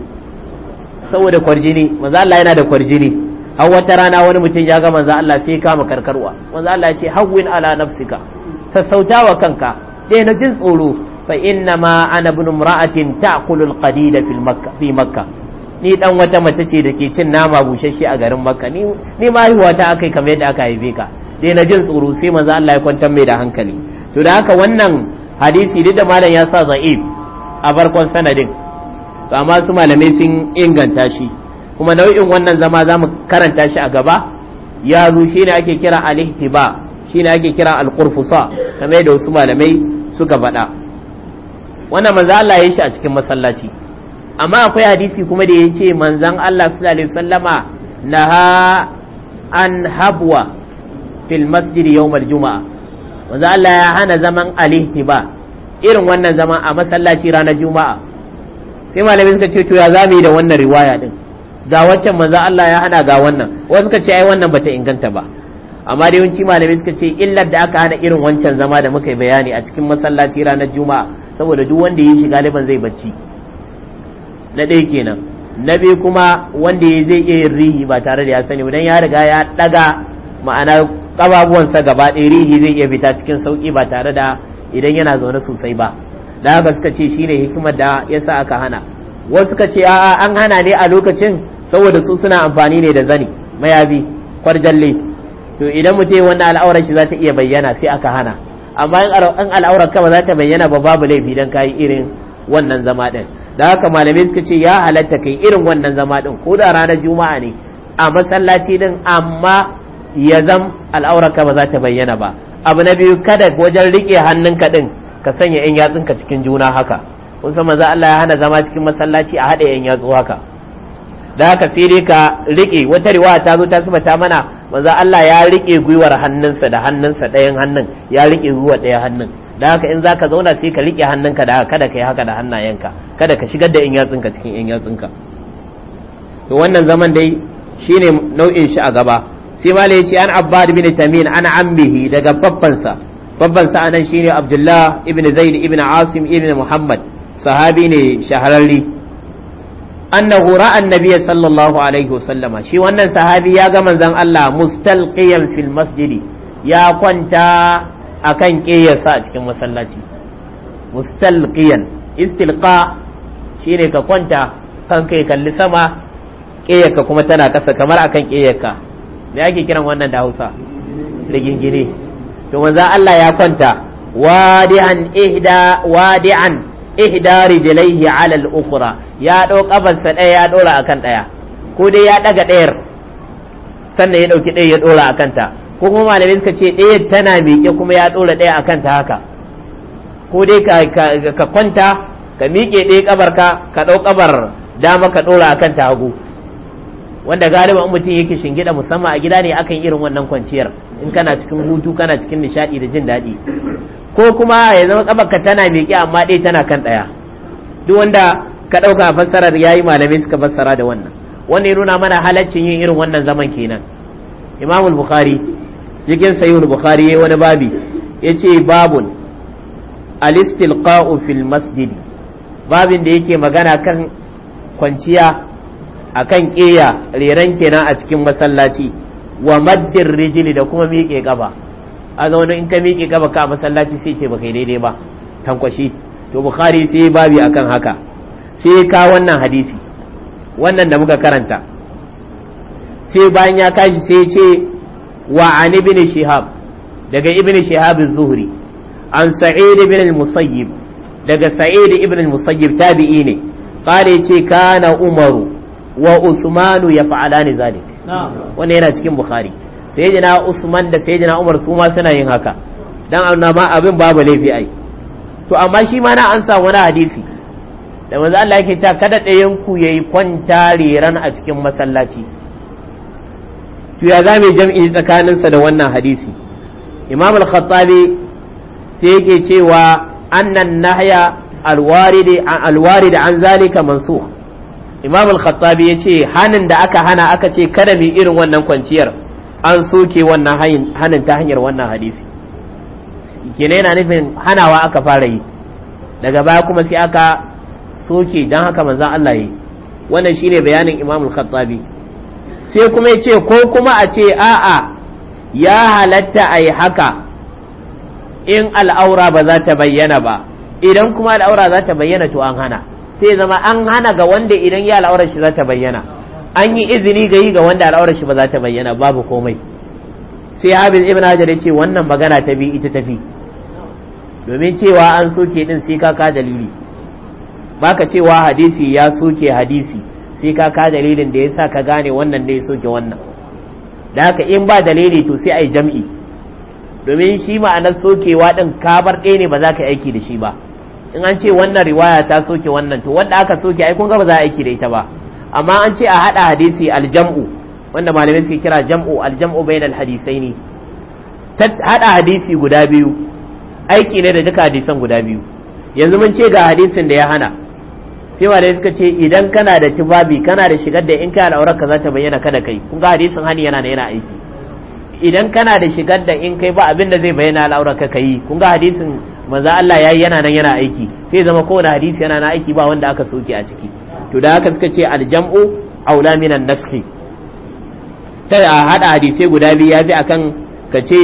saboda kwarjini manzo Allah yana da kwarjini har wata rana wani mutum ya ga manzo Allah sai ya kama karkarwa manzo Allah ya ce hawwin ala nafsika sassauta wa kanka ɗaya na jin tsoro fa inna ma ana bin ta ta qadida fil makka fi makka ni dan wata mace ce da ke cin nama bushashe a garin makka ni ma haihuwa ta akai kamar yadda aka haife ka ɗaya na jin tsoro sai manzo Allah ya kwantar mai da hankali to da haka wannan hadisi duk da malam ya sa za'ib a barkon sanadin to amma su malamai sun inganta shi kuma nau'in wannan zama za mu karanta shi a gaba ya zo shine ake kira al shine ake kira al-qurfusa kamar da wasu malamai suka faɗa wannan manzo Allah ya shi a cikin masallaci amma akwai hadisi kuma da yake manzon Allah sallallahu alaihi wasallama naha an habwa fil masjid yawm jumaa manzo Allah ya hana zaman al-ihtiba irin wannan zaman a masallaci ranar juma'a sai malamai suka ce to ya zamu yi da wannan riwaya din ga waccan manzo Allah ya hana ga wannan wasu suka ce ai wannan bata inganta ba amma da yawanci malamai suka ce illar da aka hana irin wancan zama da muka bayani a cikin masallaci ranar juma'a saboda duk wanda ya shi galiban zai bacci na ɗaya kenan na biyu kuma wanda ya zai iya yin rihi ba tare da ya sani dan ya riga ya ɗaga ma'ana ƙababuwansa gaba ɗaya rihi zai iya fita cikin sauƙi ba tare da idan yana zaune sosai ba da haka suka ce shine hikimar da yasa aka hana wasu suka ce a'a an hana ne a lokacin saboda su suna amfani ne da zani mayabi kwarjalle to idan mutum yi wannan al'aurar shi za ta iya bayyana sai aka hana amma in al'aurar kama za ta bayyana ba babu laifi don kayi irin wannan zama ɗin da haka malamai suka ce ya halatta kai irin wannan zama ɗin ko da ranar juma'a ne a masallaci din amma ya zam al'aurar kama za ta bayyana ba abu na biyu kada wajen rike hannunka din ka sanya yan yatsunka cikin juna haka kun san manzo Allah ya hana zama cikin masallaci a haɗa yan yatsu haka da haka sai dai ka riƙe wata riwaya ta zo ta ta mana manzo Allah ya rike gwiwar hannunsa da hannunsa ɗayan hannun ya rike gwiwar ɗayan hannun da haka in zaka zauna sai ka rike hannunka da kada ka yi haka da hannayenka kada ka shigar da in yatsunka cikin in yatsunka to wannan zaman dai shine nau'in shi a gaba sai malai yace an abbad bin tamin an ammihi daga babbansa babbansa anan shine abdullah ibn zaid ibn asim ibn muhammad sahabi ne shahararri annahu ra'a annabiyya sallallahu alaihi wasallama shi wannan sahabi ya ga manzon Allah mustalqiyan fil masjidi ya kwanta akan ƙeyarsa a cikin masallaci mustalqiyan istilqa shine ka kwanta kan kai kalli sama ƙeyarka kuma tana ƙasa kamar akan ƙeyarka me ake kiran wannan da Hausa rigingine to manzon Allah ya kwanta wadi'an ihda wadi'an ihdari bilaihi ala al-ukhra ya dau kafarsa ɗaya ya dora akan ɗaya ko dai ya daga ɗayar sannan ya dauki ɗaya ya dora akan ta ko kuma malamin ka ce ɗaya tana miƙe kuma ya dora ɗaya akan ta haka ko dai ka kwanta ka miƙe ɗaya kabar ka ka dau kabar dama ka dora akan ta hagu wanda galiba in mutum yake shingida musamman a gida ne akan irin wannan kwanciyar in kana cikin hutu kana cikin nishadi da jin daɗi ko kuma ya zama kabarka tana miƙe amma ɗaya tana kan ɗaya duk wanda ka ɗauka fassarar yi malamai suka fassara da wannan wanda ya nuna mana halaccin yin irin wannan zaman kenan imam bukhari cikin sahih bukhari yayi wani babi yace babun alistilqa'u fil masjidi babin da yake magana kan kwanciya akan ƙeya reran kenan a cikin masallaci wa maddin rijili da kuma miƙe gaba a zaune in ka miƙe gaba ka masallaci sai ce baka daidai ba tankwashi to bukhari sai babi akan haka sai ka wannan hadisi wannan da muka karanta sai bayan ya kashi sai ce wa an ibn shihab daga ibn shihab az-zuhri an sa'id ibn al-musayyib daga sa'id ibn al-musayyib tabi'i ne qala yace kana umaru wa usmanu ya fa'ala ne zalik wannan yana cikin bukhari sayyidina usman da sayyidina umar su ma suna yin haka dan anna abin babu laifi ai to amma shi ma na an sa wani hadisi da manzo Allah yake cewa kada ɗayan ku yayi kwanta riran a cikin masallaci to ya zame jam'i tsakanin sa da wannan hadisi imam al-khattabi sai yake cewa annan nahya al an an zalika mansukh imam al-khattabi ce hanin da aka hana aka ce kada mu irin wannan kwanciyar an soke wannan hanin ta hanyar wannan hadisi kenan yana nufin hanawa aka fara yi daga baya kuma sai aka soke dan haka manzon Allah yi wannan shine bayanin imam al-khattabi sai kuma yace ko kuma a ce a'a ya halatta ai haka in al'aura ba za ta bayyana ba idan kuma al'aura za ta bayyana to an hana sai zama an hana ga wanda idan ya al'aurar shi za ta bayyana an yi izini ga yi ga wanda al'aurar shi ba za ta bayyana babu komai sai abin ibn hajar ya ce wannan magana ta bi ita tafi domin cewa an soke din sai ka ka dalili baka cewa hadisi ya soke hadisi sai ka ka dalilin da yasa ka gane wannan da ya soke wannan da haka in ba dalili to sai ai jam'i domin shi ma'anar sokewa din bar ɗaya ne ba za ka aiki da shi ba in an ce wannan riwaya ta soke wannan to wanda aka soke ai kun ga ba za a aiki da ita ba amma an ce a hada hadisi aljam'u wanda malamai suke kira jam'u aljam'u bainal hadisaini hada hadisi guda biyu aiki ne da duka hadisan guda biyu yanzu mun ce ga hadisin da ya hana sai malamai suka ce idan kana da tibabi kana da shigar da in kai al'aurar ka za ta bayyana kada kai kun ga hadisin hani yana da yana aiki idan kana da shigar da in kai ba abin da zai bayyana al'aurar ka kai kun ga hadisin manzo Allah yayi yana nan yana aiki sai zama kowane hadisi yana na aiki ba wanda aka soke a ciki to da haka suka ce aljam'u aula minan nafsi ta a hada hadisai guda biyu yafi akan ka ce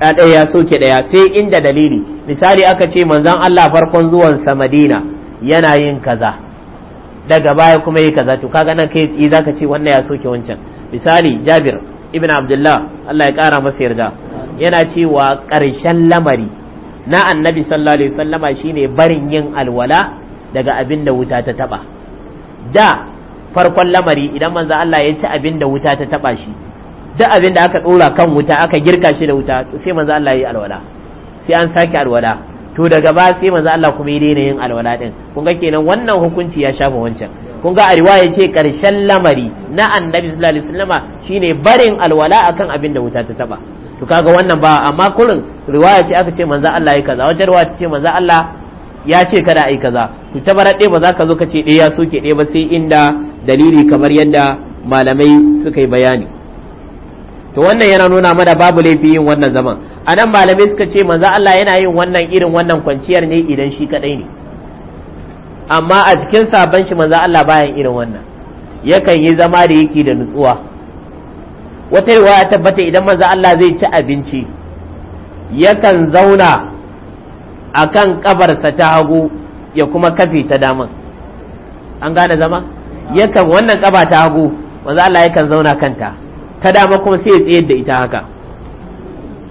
ɗaya ya soke ɗaya sai inda dalili misali aka ce manzon Allah farkon zuwan sa Madina yana yin kaza daga baya kuma yi kaza to kaga nan kai tsi zaka ce wannan ya soke wancan misali Jabir ibn Abdullah Allah ya kara masa yarda yana cewa ƙarshen lamari na annabi sallallahu alaihi wasallama shine barin yin alwala daga abin da wuta ta taba da farkon lamari idan manzo Allah ya ci abin da wuta ta taba shi duk abin da aka dora kan wuta aka girka shi da wuta sai manzo Allah ya yi alwala sai an sake alwala to daga ba sai manzo Allah kuma ya daina yin alwala din kun ga kenan wannan hukunci ya shafa wancan kun ga a riwaya ce karshen lamari na annabi sallallahu alaihi wasallama shine barin alwala akan abin da wuta ta taba to kaga wannan ba amma kurin riwaya ce aka ce manzo Allah ya kaza wajen riwaya ce manzo Allah ya ce kada ai kaza to ta ɗaya ba za ka zo ka ce ɗaya ya soke ɗaya ba sai inda dalili kamar yadda malamai suka yi bayani to wannan yana nuna mana babu laifi yin wannan zaman anan malamai suka ce manzo Allah yana yin wannan irin wannan kwanciyar ne idan shi kadai ne amma a cikin sabon shi manzo Allah bayan irin wannan yakan yi zama da yake da nutsuwa wata ya tabbata idan manzo Allah zai ci abinci yakan zauna a kan kabarsa ta hagu ya kuma kafi ta daman an gane zama yakan wannan kaba ta hagu manzo Allah yakan zauna kanta ta dama kuma sai ya tsayar da ita haka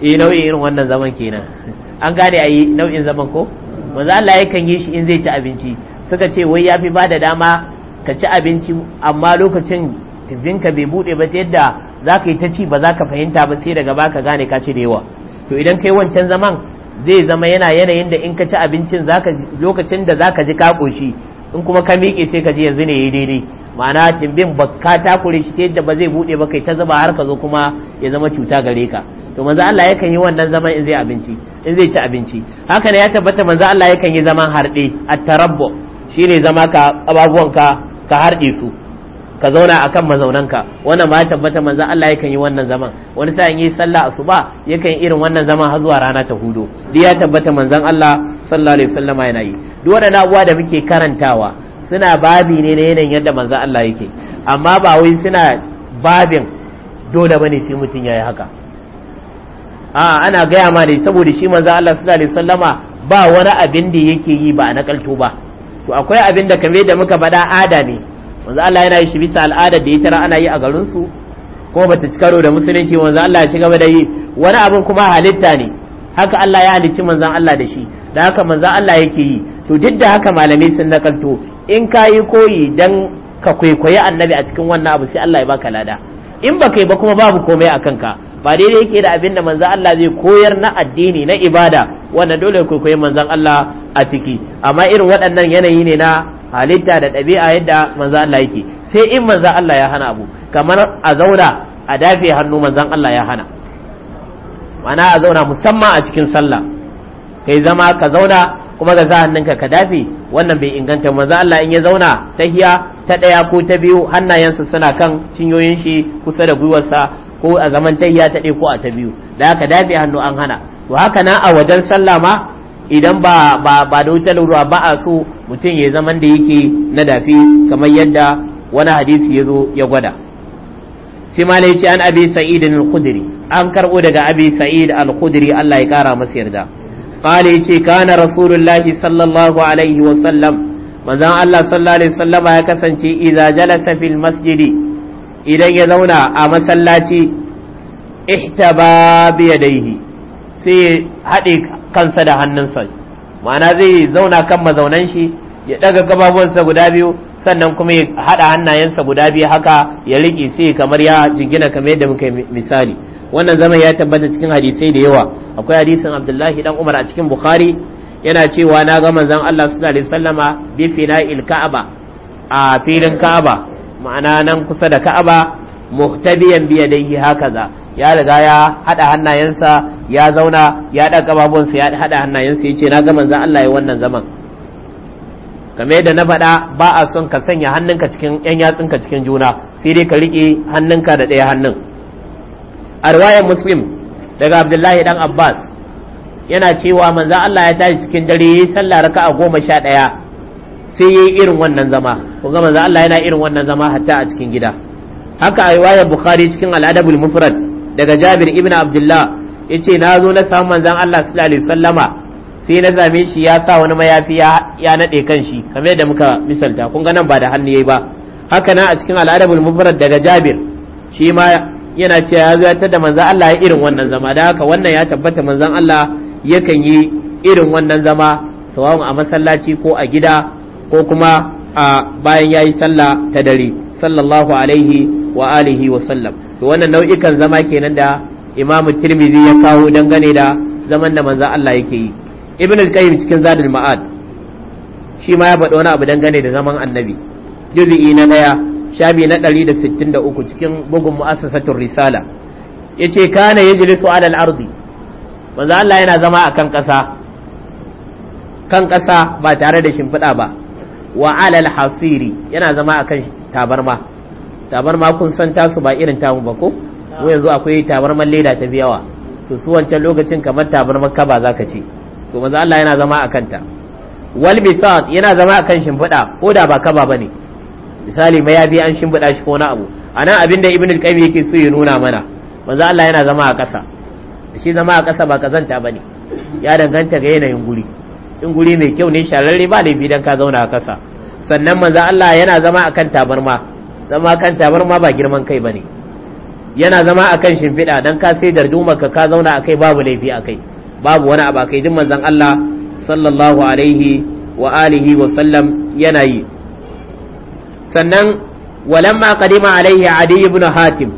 E, nau'in irin wannan zaman kenan an gane ayi nau'in zaman ko manzo Allah yakan yi shi in zai ci abinci suka ce wai ya fi ba da dama ka ci abinci amma lokacin kirjinka bai bude ba ta yadda za ka yi ta ci ba za ka fahimta ba sai daga baka gane ka ci da yawa to idan kai wancan zaman zai zama yana yanayin da in ka ci abincin lokacin da za ka ji ka koshi in kuma ka miƙe sai ka ji yanzu ne ya yi daidai ma'ana timbin ba ka takure shi ta yadda ba zai bude ba kai ta zuba har ka zo kuma ya zama cuta gare ka to manzo Allah yakan yi wannan zaman in zai abinci in zai ci abinci haka ne ya tabbata manzo Allah yakan yi zaman harɗe at-tarabbu shine zama ka ababuwan ka ka harɗe su ka zauna a kan mazaunanka wannan ma tabbata manzan Allah yakan yi wannan zaman wani sa'in yi sallah suba yakan irin wannan zaman har zuwa rana ta hudu duk ya tabbata manzan Allah sallallahu alaihi wasallam yana yi duk wannan abuwa da muke karantawa suna babi ne na yanayin yadda manzan Allah yake amma ba wai suna babin dole bane sai mutum yayi haka a ana gaya ma ne saboda shi manzan Allah sallallahu alaihi wasallama ba wani abin da yake yi ba na kalto ba to akwai abin da kamar da muka faɗa ada ne wanzu Allah yana yi shi bisa al'ada da ya tara ana yi a garin su ko bata ci karo da musulunci wanzu Allah ya ci gaba da yi wani abin kuma halitta ne haka Allah ya halicci manzan Allah da shi da haka manzon Allah yake yi to duk da haka malamai sun nakalto in ka yi koyi dan ka kwaikwayi annabi a cikin wannan abu sai Allah ya baka lada in baka yi ba kuma babu komai a kanka ba daidai yake da abin da manzon Allah zai koyar na addini na ibada wannan dole kwaikwayi manzan Allah a ciki amma irin waɗannan yanayi ne na halitta da ɗabi'a yadda manzan Allah yake sai in manzan Allah ya hana abu kamar a zauna a dafe hannu manzan Allah ya hana mana a zauna musamman a cikin sallah kai zama ka zauna kuma ga za hannunka ka dafe wannan bai inganta manzan Allah in ya zauna ta hiya ta ɗaya ko ta biyu hannayensa suna kan cinyoyin shi kusa da gwiwarsa ko a zaman ta hiya ta ɗaya ko a ta biyu da ka dafe hannu an hana to haka na a wajen sallah ma idan ba ba ba da wutar ruwa ba a so mutum ya zaman da yake na dafi kamar yadda wani hadisi ya zo ya gwada sai ma ce an abi sa'id al-khudri an karbo daga abi sa'id al-khudri Allah ya kara masa yarda qala yace kana rasulullahi sallallahu alaihi wa sallam manzon Allah sallallahu alaihi wasallama ya kasance idza jalasa fil masjidi idan ya zauna a masallaci ihtaba bi yadayhi sai haɗe kansa da hannunsa ma'ana zai zauna kan mazaunan shi ya daga gababuwansa guda biyu sannan kuma ya haɗa hannayensa guda biyu haka ya riƙe sai kamar ya jingina kamar yadda muka misali wannan zaman ya tabbata cikin hadisai da yawa akwai hadisin abdullahi dan umar a cikin bukhari yana cewa na ga manzon allah sallallahu alaihi wasallama bi fina'il ka'aba a filin ka'aba ma'ana nan kusa da ka'aba muhtadiyan biya dai hakaza ya riga ya hada hannayensa ya zauna ya da kababunsa ya hada hannayensa ya ce na gaman za Allah ya wannan zaman kamar da na faɗa ba a son ka sanya hannunka cikin yan yatsunka cikin juna sai dai ka riƙe hannunka da ɗaya hannun a riwayar muslim daga abdullahi dan abbas yana cewa manzon Allah ya tashi cikin dare yayi sallah raka'a goma sha ɗaya sai yi irin wannan zama ku ga Allah yana irin wannan zama hatta a cikin gida haka a riwayar bukhari cikin al'adabul mufrad daga jabir ibn abdullah yace na zo na samu manzon Allah sallallahu alaihi wasallama sai na zame shi ya sa wani mayafi ya nade kan shi kamar yadda muka misalta kun ga nan ba da hannu yayi ba haka na a cikin al'adabul mufrad daga jabir shi ma yana cewa ya zo ta da manzon Allah ya irin wannan zama da haka wannan ya tabbata manzon Allah yakan yi irin wannan zama sawa a masallaci ko a gida ko kuma a bayan yayi sallah ta dare sallallahu alaihi wa alihi wa sallam to wannan nau'ikan zama kenan da imamu tirmidhi ya kawo dangane da zaman da manzon Allah yake yi ibn al-qayyim cikin zadul ma'ad shi ma ya faɗi wani abu dangane da zaman annabi juz'i na daya shabi na 163 cikin bugun mu'assasatul risala yace kana yajlisu ala al-ardi manzo Allah yana zama akan ƙasa kan ƙasa ba tare da shimfiɗa ba wa alal hasiri yana zama akan tabarma tabarma kun san tasu ba irin tamu ba ko mu yanzu akwai tabarman leda ta biyawa to su wancan lokacin kamar tabarman kaba zaka ce to manzo Allah yana zama a kanta wal bisat yana zama akan shimfiɗa ko da ba kaba bane misali mai yabi an shimfiɗa shi ko na abu anan abinda ibn al-qayyim yake so ya nuna mana manzo Allah yana zama a ƙasa shi zama a ƙasa ba kazanta bane ya danganta ga yanayin guri in guri mai kyau ne shararre ba laifi dan ka zauna a ƙasa sannan manzo Allah yana zama akan tabarma zama kan tabarma ba girman kai bane yana zama akan shimfiɗa dan ka sai darduma ka ka zauna akai babu laifi akai babu wani abu akai duk manzon Allah sallallahu alaihi wa alihi wa sallam yana yi sannan walamma qadima alaihi adi ibn hatim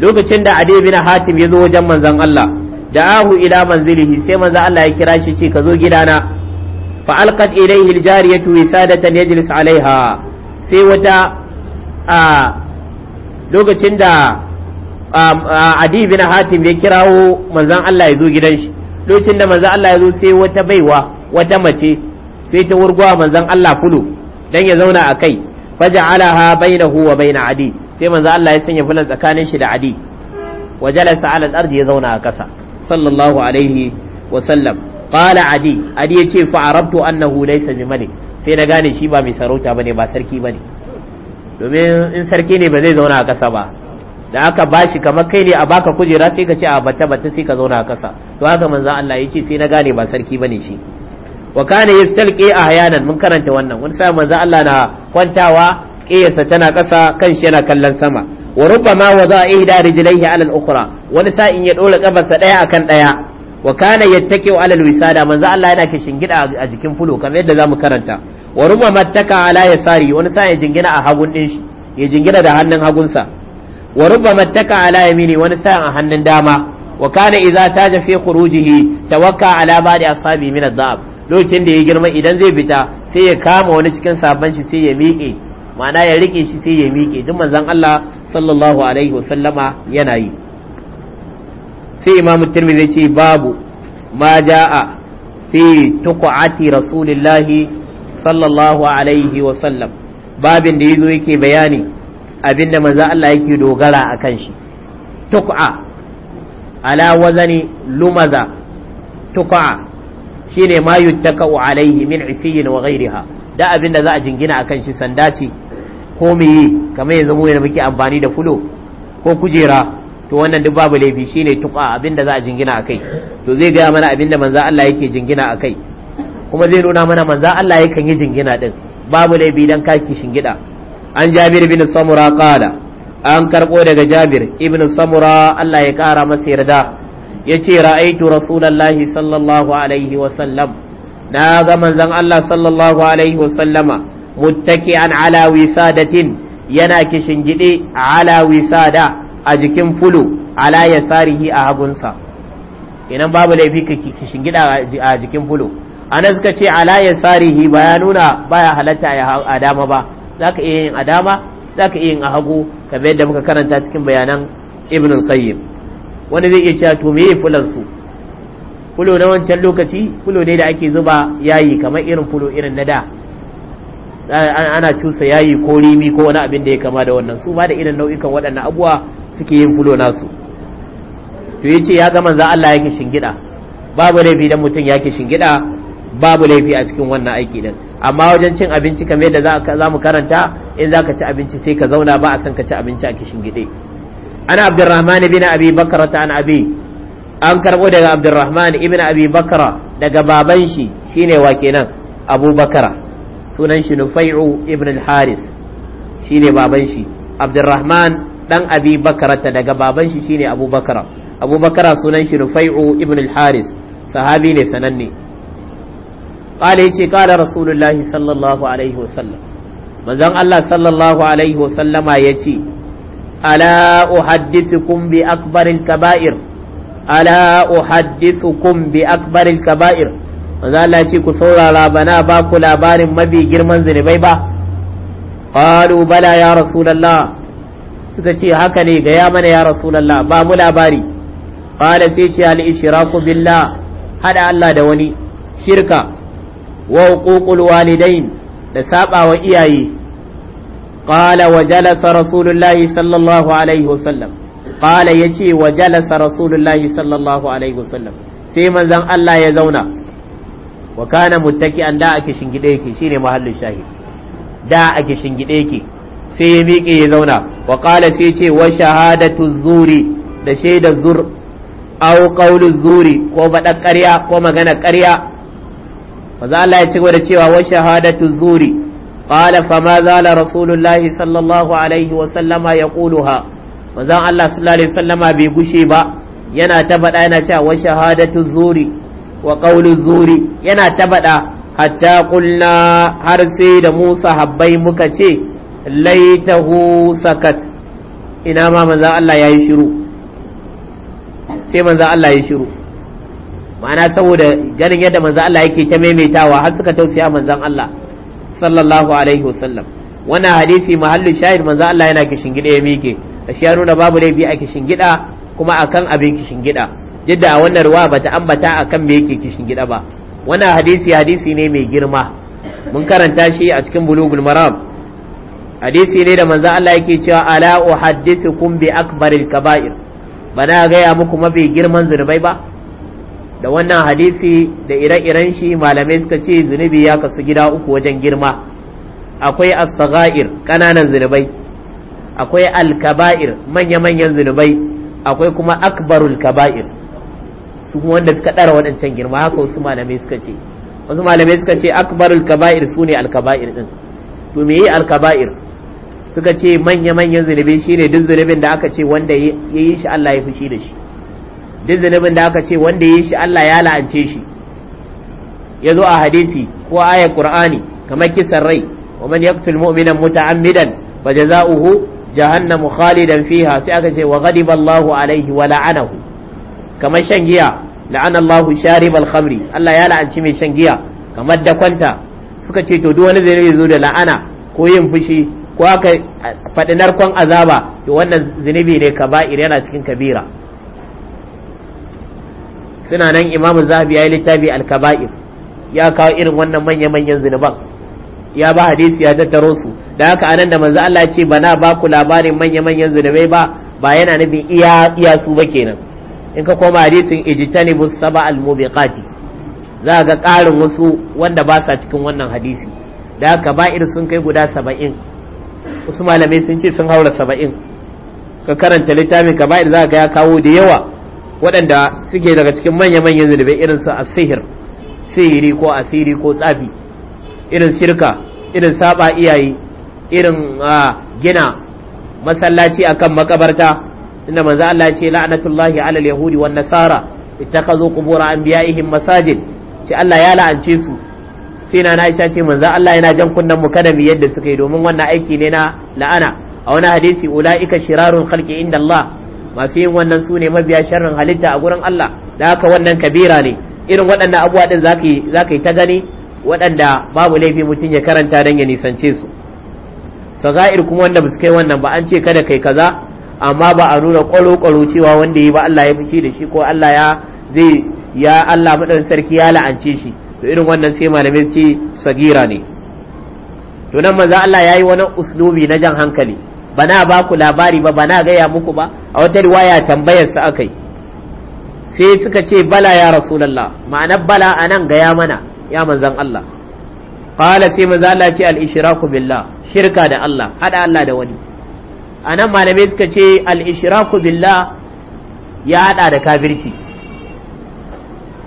lokacin da adi ibn hatim ya zo wajen manzon Allah da ahu ila manzilihi sai manzon Allah ya kira shi ce ka zo gidana fa alqat ilayhi aljariyatu wisadatan yajlis alaiha sai wata a lokacin da adi bin hatim ya kirawo manzon Allah ya zo gidan shi lokacin da manzon Allah ya zo sai wata baiwa wata mace sai ta wurgwa manzon Allah kulu dan ya zauna a kai faja'alaha bainahu wa bain adi sai manzon Allah ya sanya fulan tsakanin shi da adi wa jalasa ala al-ardi ya zauna a kasa sallallahu alaihi wa sallam qala adi adi yace fa arabtu annahu laysa bi malik sai na gane shi ba mai sarauta bane ba sarki bane domin in sarki ne ba zai zauna a ƙasa ba da aka bashi kamar kai ne a baka kujera sai ka ce a batta batta sai ka zauna a ƙasa to haka manzo Allah yace sai na gane ba sarki bane shi wa kana yastalqi ahyanan mun karanta wannan wani sai manzo Allah na kwantawa qiyasa tana kasa kan shi yana kallon sama wa rubbama za'i da rijlaihi ala al-ukhra wani in ya dole kafarsa daya akan daya wa kana yattaki ala alwisada manzo Allah yana kishin gida a jikin fulo kamar yadda zamu karanta wa rubba mattaka ala yasari wani sa ya jingina a hagun din shi ya jingina da hannun hagunsa wa rubba mattaka ala yamini wani sa a hannun dama wa kana idza taja fi khurujihi tawakka ala ba'di ashabi min adhab lokacin da ya girma idan zai fita sai ya kama wani cikin sabon shi sai ya miƙe ma'ana ya rike shi sai ya miƙe duk manzon Allah sallallahu alaihi wasallama yana yi sai imamu tirmidhi ce babu ma jaa fi tuqati rasulillahi sallallahu alaihi wa sallam babin da yazo yake bayani abinda maza Allah yake dogara akan shi tuqa ala wazani lumaza tuqa shine ma yuttaka'u alaihi min isiyin wa ghairiha da abinda za a jingina akan shi sanda ce ko meye kamar yanzu mu yana muke amfani da fulo ko kujera to wannan duk babu laifi shine tuqa abinda za a jingina akai to zai gaya mana abinda manzo Allah yake jingina akai kuma zai nuna mana manzo Allah yakan yi jingina din babu laifi dan kaki shingida an Jabir bin Samura qala an karbo daga Jabir ibn Samura Allah ya kara masa yarda yace ra'aitu rasulullahi sallallahu alaihi wa sallam na ga manzon Allah sallallahu alaihi wa sallama muttaki'an ala wisadatin yana kishingide ala wisada a jikin fulo ala sarihi a hagunsa idan babu laifi ka shingida a jikin fulo ana suka ce ala sarihi ba ya nuna baya halatta a dama ba za ka iya yin a dama ka iya yin a hagu kamar yadda muka karanta cikin bayanan ibn qayyim wani zai iya cewa to meye fulan su fulo na wancan lokaci fulo ne da ake zuba yayi kamar irin fulo irin na da ana cusa yayi ko rimi ko wani abin da ya kama da wannan su ba da irin nau'ikan waɗannan abuwa suke yin fulo nasu to yace ya ga manzo Allah yake shingida babu laifi dan mutum yake shingida babu laifi a cikin wannan aiki din amma wajen cin abinci kamar yadda za mu karanta in za ka ci abinci sai ka zauna ba a san ka ci abinci a kishin gide ana abdurrahman ibn abi bakra ta an abi an karbo daga abdurrahman ibn abi bakra daga baban shi shine wa kenan abu bakra sunan shi nufai'u ibn al-haris shine baban shi abdurrahman dan abi bakarata daga baban shi shine abu bakara sunan shi rufai'u ibn al-haris sahabi ne sananne qala yace qala rasulullahi sallallahu alaihi wasallam manzon Allah sallallahu alaihi wasallama yace ala uhaddithukum bi akbaril kaba'ir ala uhaddithukum bi akbaril kaba'ir manzon Allah yace ku saurara bana ba ku labarin mabi girman zinubai ba qalu bala ya rasulullah suka ce haka ne gaya mana ya rasulallah ba mu labari qala sai ce al ishraku billah hada Allah da wani shirka wa huququl walidain da saba wa iyaye qala wa jalasa rasulullahi sallallahu alaihi wasallam qala yace wa jalasa rasulullahi sallallahu alaihi wasallam sai manzon Allah ya zauna wa kana muttaki an da ake shingide yake shine mahallin shahid da ake shingide yake sai ya miƙe ya zauna wa qala sai ce wa shahadatu zuri da shaidar zur au qawlu zuri ko faɗa ƙarya ko magana ƙarya maza Allah ya ci gaba da cewa wa shahadatu zuri qala fa ma zala rasulullahi sallallahu alaihi wa sallama yaquluha maza Allah sallallahu alaihi wa sallama bai gushe ba yana ta faɗa yana cewa wa shahadatu zuri wa qawlu zuri yana ta faɗa hatta qulna har sai da Musa habbai muka ce laitahu sakat ina ma manzan Allah ya yi shiru sai manzan Allah ya shiru ma'ana saboda ganin yadda manzan Allah yake ta maimaitawa har suka tausaya manzan Allah sallallahu alaihi wasallam wannan hadisi mahallin shahid manzan Allah yana kishingida ya mike shi ya nuna babu laifi a kishingida kuma akan abin kishingida yadda a wannan ruwa bata ambata akan me yake kishingida ba wannan hadisi hadisi ne mai girma mun karanta shi a cikin bulugul maram hadisi ne da manzo Allah yake cewa ala uhaddithukum bi akbaril kaba'ir bana gaya muku mafi girman zunubai ba da wannan hadisi da ire-iren shi malamai suka ce zunubi ya kasu gida uku wajen girma akwai as-sagha'ir kananan zunubai akwai al-kaba'ir manya-manyan zunubai akwai kuma akbarul kaba'ir su wanda suka ɗara waɗancan girma haka wasu malamai suka ce wasu malamai suka ce akbarul kaba'ir su ne alkaba'ir din to me yi alkaba'ir suka ce manya-manyan zunubi shine duk zunubin da aka ce wanda ya yi shi Allah ya fushi da shi duk zunubin da aka ce wanda ya yi shi Allah ya la'ance shi ya zo a hadisi ko ayar qur'ani kamar kisan rai wa man yaqtul mu'mina muta'ammidan fa jazaohu jahannamu khalidan fiha sai aka ce wa ghadiba Allahu alaihi wa la'anahu kamar shan giya la'ana Allahu sharibal khamri Allah ya la'anci mai shan giya kamar da kwanta suka ce to duk wani zai zo da la'ana ko yin fushi ko aka faɗi narkon azaba to wannan zunubi ne kaba'ir yana cikin kabira suna nan imamu zahabi ya yi littafi al-kaba'ir ya kawo irin wannan manya-manyan zunuban ya ba hadisi ya tattaro su da haka anan da manzo Allah ce bana ba ku labarin manya-manyan zunubai ba ba yana nufin iya su ba kenan in ka koma hadisin ijtanibu saba al-mubiqati za ga ƙarin wasu wanda ba sa cikin wannan hadisi da haka ba'ir sun kai guda saba'in wasu malamai sun ce sun haura saba'in ka karanta littafin ka bayan za ka ya kawo da yawa waɗanda suke daga cikin manya-manyan zunubai irin su asihir sihiri ko asiri ko tsafi irin shirka irin saba iyaye irin gina masallaci akan makabarta inda manzo Allah ya ce la'anatullahi alal yahudi wan nasara ittakhadhu qubur anbiya'ihim masajid ce Allah ya la'ance su sai na Aisha ce manzo Allah yana jan kunnan mu kada mu yadda suka yi domin wannan aiki ne na la'ana a wani hadisi ulaika shirarun khalqi inda Allah masu yin wannan su ne mabiya sharrin halitta a gurin Allah da haka wannan kabira ne irin waɗannan abuwa din zaki zaki ta gani waɗanda babu laifi mutum ya karanta dan ya nisance su sagair kuma wanda ba su kai wannan ba an ce kada kai kaza amma ba a nuna kwalo-kwalo cewa wanda yi ba Allah ya fice da shi ko Allah ya zai ya Allah madan sarki ya la'ance shi to irin wannan sai malamai ce sagira ne to nan manzo Allah yayi wani uslubi na jan hankali bana ba ku labari ba bana gaya muku ba a wata riwaya tambayar sa akai sai suka ce bala ya rasulullah ma'ana bala anan gaya mana ya manzon Allah qala sai manzo Allah ce al ishraku billah shirka da Allah hada Allah da wani anan malamai suka ce al ishraku billah ya hada da kafirci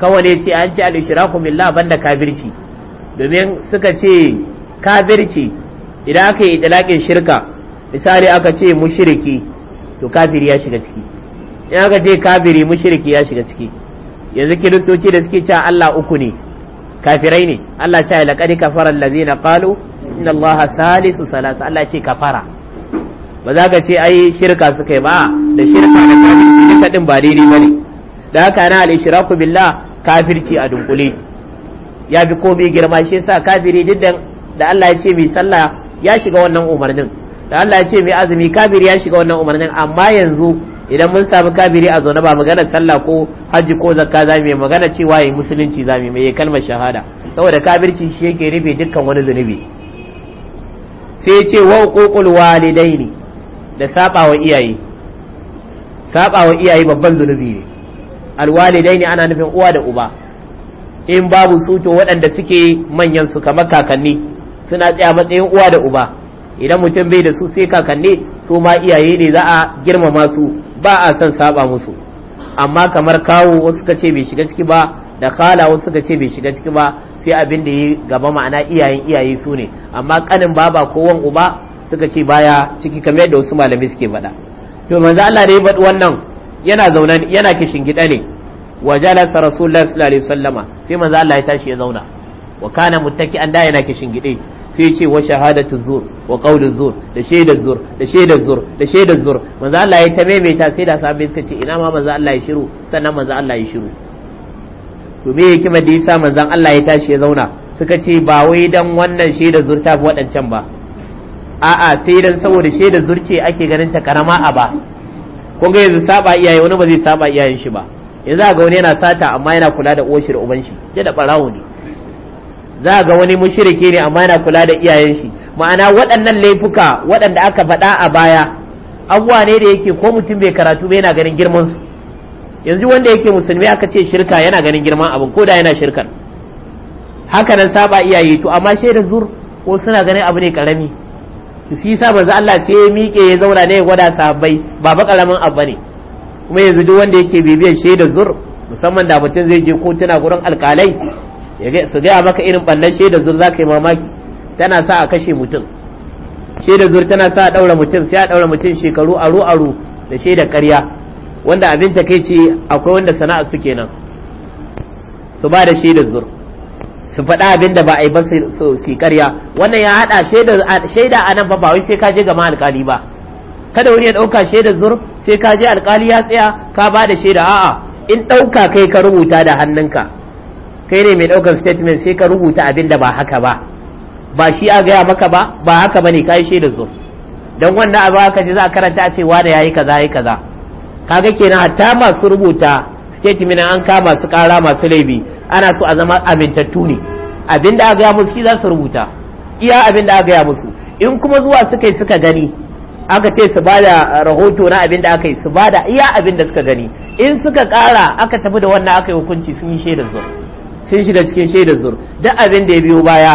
kawai ne ce an ce al-ishraku billah banda kafirci domin suka ce kafirci idan aka yi dalakin shirka misali aka ce mushriki to kafiri ya shiga ciki in aka ce kafiri mushriki ya shiga ciki yanzu kiristoci da suke cewa Allah uku ne kafirai ne Allah ce laqad kafara allazina qalu inna allaha salisu salasa Allah ce kafara ba za ka ce ai shirka suka yi ba da shirka da kafirci duka din ba daidai bane da haka na al-ishraku billah kafirci a dunkule ya fi komai girma shi yasa kafiri diddan da Allah ya ce mai sallah ya shiga wannan umarnin da Allah ya ce mai azumi kafiri ya shiga wannan umarnin amma yanzu idan mun samu kafiri a zaune ba magana sallah ko hajji ko zakka za mu yi magana cewa yi musulunci za mu yi mai kalmar shahada saboda kafirci shi yake rufe dukkan wani zunubi sai ya ce wa uququl walidaini da saba wa iyaye saba iyaye babban zunubi ne alwalidai ne ana nufin uwa da uba in babu su to waɗanda suke manyan su kamar kakanni suna tsaya matsayin uwa da uba idan mutum bai da su sai kakanni su ma iyaye ne za a girmama su ba a son saba musu amma kamar kawo wasu suka ce bai shiga ciki ba da khala wasu suka ce bai shiga ciki ba sai abin da ya gaba ma'ana iyayen iyaye su ne amma kanin baba ko wan uba suka ce baya ciki kamar yadda wasu malami suke faɗa to manzo Allah da ya faɗi wannan yana zauna yana kishin gida ne wa jalasa rasulullahi sallallahu alaihi wasallama sai manzo Allah ya tashi ya zauna wa kana an da yana kishin gida sai ce wa shahadatu zur wa qawlu zur da shaidar zur da shaidar zur da shaidar zur manzo Allah ya ta maimaita sai da sabbin suka ce ina ma manzo Allah ya shiru sannan manzo Allah ya shiru to me yake da yasa manzo Allah ya tashi ya zauna suka ce ba wai dan wannan shaidar zur ta fi waɗancan ba a'a sai dan saboda shaidar zur ce ake ganin ta karama a ba kun ga yanzu saba iyaye wani ba zai saba iyayen shi ba yanzu ga wani yana sata amma yana kula da uwar shi da uban shi ya da barawo ne za ga wani mushrike ne amma yana kula da iyayen shi ma'ana waɗannan laifuka waɗanda aka faɗa a baya abuwa ne da yake ko mutum bai karatu bai yana ganin girman su yanzu wanda yake musulmi aka ce shirka yana ganin girman abin ko da yana shirkan haka nan saba iyaye to amma shaidar zur ko suna ganin abu ne karami to shi ba manzo Allah sai ya miƙe ya zauna ne ya gwada sahabbai ba ba karamin abu ne kuma yanzu duk wanda yake bibiyar shaidar zur musamman da mutum zai je kotuna gurin alƙalai su gaya maka irin ballan shaidar zur za ka yi mamaki tana sa a kashe mutum shaidar zur tana sa a ɗaura mutum sai a ɗaura mutum shekaru aru-aru da shaidar ƙarya wanda abin ce akwai wanda sana'a suke nan su ba da shaidar zur su faɗa abin da ba a yi ba su karya wannan ya haɗa shaida a nan ba ba wai sai ka je gama alƙali ba kada wani ya ɗauka shaidar zur sai ka je alƙali ya tsaya ka ba da shaida a'a in ɗauka kai ka rubuta da hannunka kai ne mai ɗaukar statement sai ka rubuta abin da ba haka ba ba shi a gaya maka ba ba haka ba ne ka yi shaidar zur don wannan abu ka ce za a karanta a ce da ya yi kaza ya yi kaza kaga kenan hatta masu rubuta statement an kama su ƙara masu laifi ana so a zama amintattu ne abin da aka gaya musu shi za su rubuta iya abin da aka gaya musu in kuma zuwa suka yi suka gani aka ce su ba da rahoto na abin da aka yi su ba da iya abin da suka gani in suka kara aka tafi da wannan aka yi hukunci sun yi shaidar zur sun shiga cikin shaidar zur duk abin da ya biyo baya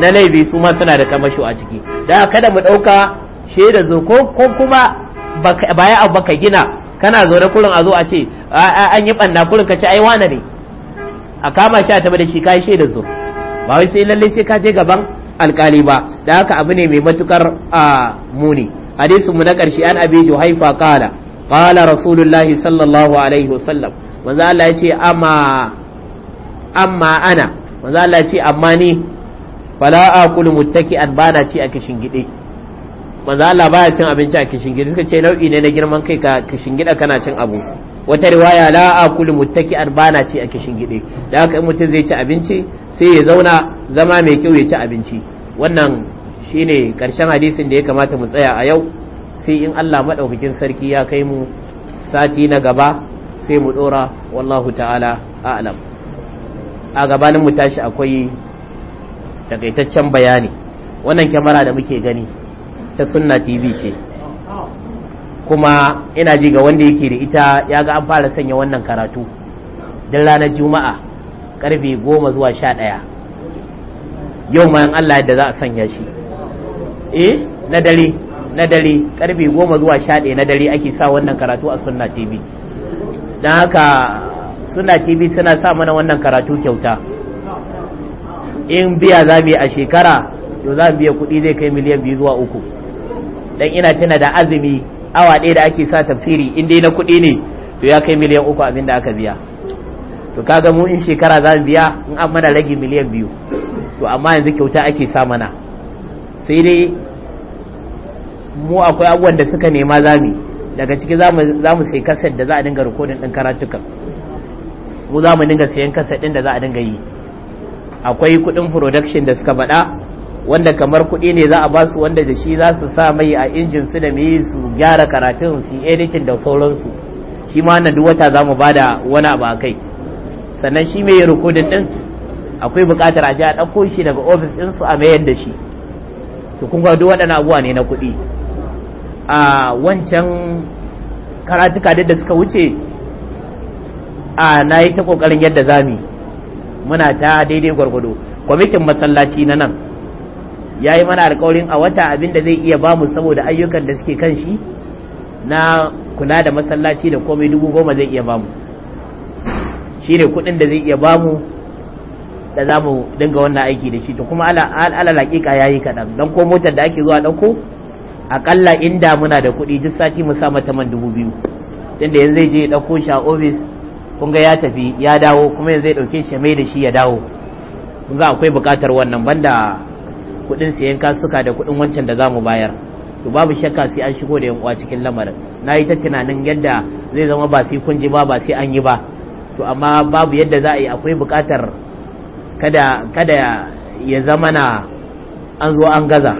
na laifi su ma suna da kamasho a ciki da kada mu ɗauka shaidar zur ko kuma baya abu baka gina kana zaune kurin a zo a ce an yi ɓanna kurin ka ce ai wane ne a kama shi a taɓa da shi ka yi shaidar zur ba wai sai lalle sai ka je gaban alkali ba da haka abu ne mai matukar a muni hadisin mu na karshe an abi juhaifa qala qala rasulullahi sallallahu alaihi wasallam manzo Allah ya ce amma amma ana manzo Allah ya ce amma ni fala aqulu muttaki'an na ci a kishin gide manzo Allah baya cin abinci a kishin gide suka ce nau'i ne na girman kai ka kishin gida kana cin abu wata riwaya la akulu muttaki bana ci a kishin gide da haka in mutum zai ci abinci sai ya zauna zama mai kyau ya ci abinci wannan shine karshen hadisin da ya kamata mu tsaya a yau sai in Allah madaukakin sarki ya kai mu sati na gaba sai mu dora wallahu ta'ala a'lam a gabanin mu tashi akwai takaitaccen bayani wannan kyamara da muke gani ta sunna tv ce kuma ina ji ga wanda yake da ita ya ga an fara sanya wannan karatu don ranar juma'a karfe goma zuwa sha yau ma in allah yadda za a sanya shi eh na dare na dare karfe goma zuwa sha na dare ake sa wannan karatu a sunna tv don haka sunna tv suna sa mana wannan karatu kyauta in biya za mu yi a shekara to za mu biya kuɗi zai kai miliyan biyu zuwa uku don ina tuna da azumi awa ɗaya da ake sa tafsiri in dai na kuɗi ne to ya kai miliyan uku abin da aka biya to kaga mu in shekara za mu biya in an mana rage miliyan biyu to amma yanzu kyauta ake sa mana sai dai mu akwai abubuwan da suka nema zami daga ciki za mu sai kaset da za a dinga rikodin ɗin karatukan mu za mu dinga sayan kaset ɗin da za a dinga yi akwai kuɗin production da suka faɗa wanda kamar kuɗi ne za a ba su wanda da shi za su sa mai a injin su da mai su gyara karatun su editing da sauransu shi ma wannan duk wata za mu bada wani abu a kai sannan shi mai rikodin din akwai buƙatar a ji a ɗauko shi daga ofis ɗin su a mayar da shi to kun ga duk waɗannan abuwa ne na kuɗi a wancan karatuka da suka wuce a na yi ta ƙoƙarin yadda za mu muna ta daidai gwargwado kwamitin masallaci na nan ya yi mana alkawarin a wata abin da zai iya ba mu saboda ayyukan da suke kan shi na kula da masallaci da komai dubu goma zai iya ba mu shi ne kudin da zai iya ba mu da za mu dinga wannan aiki da shi to kuma ala laƙiƙa ya yi kaɗan don ko motar da ake zuwa ɗauko aƙalla inda muna da kuɗi duk sati mu sa mata man dubu biyu tunda yanzu zai je ya ɗauko shi a ofis kun ga ya tafi ya dawo kuma yanzu zai ɗauke shi mai da shi ya dawo kun ga akwai buƙatar wannan banda kudin sayan kasuka da kudin wancan da zamu bayar to babu shakka sai an shigo da yan uwa cikin lamarin na ta tunanin yadda zai zama ba sai kun ji ba ba sai an yi ba to amma babu yadda za a yi akwai bukatar kada kada ya zama na an zo an gaza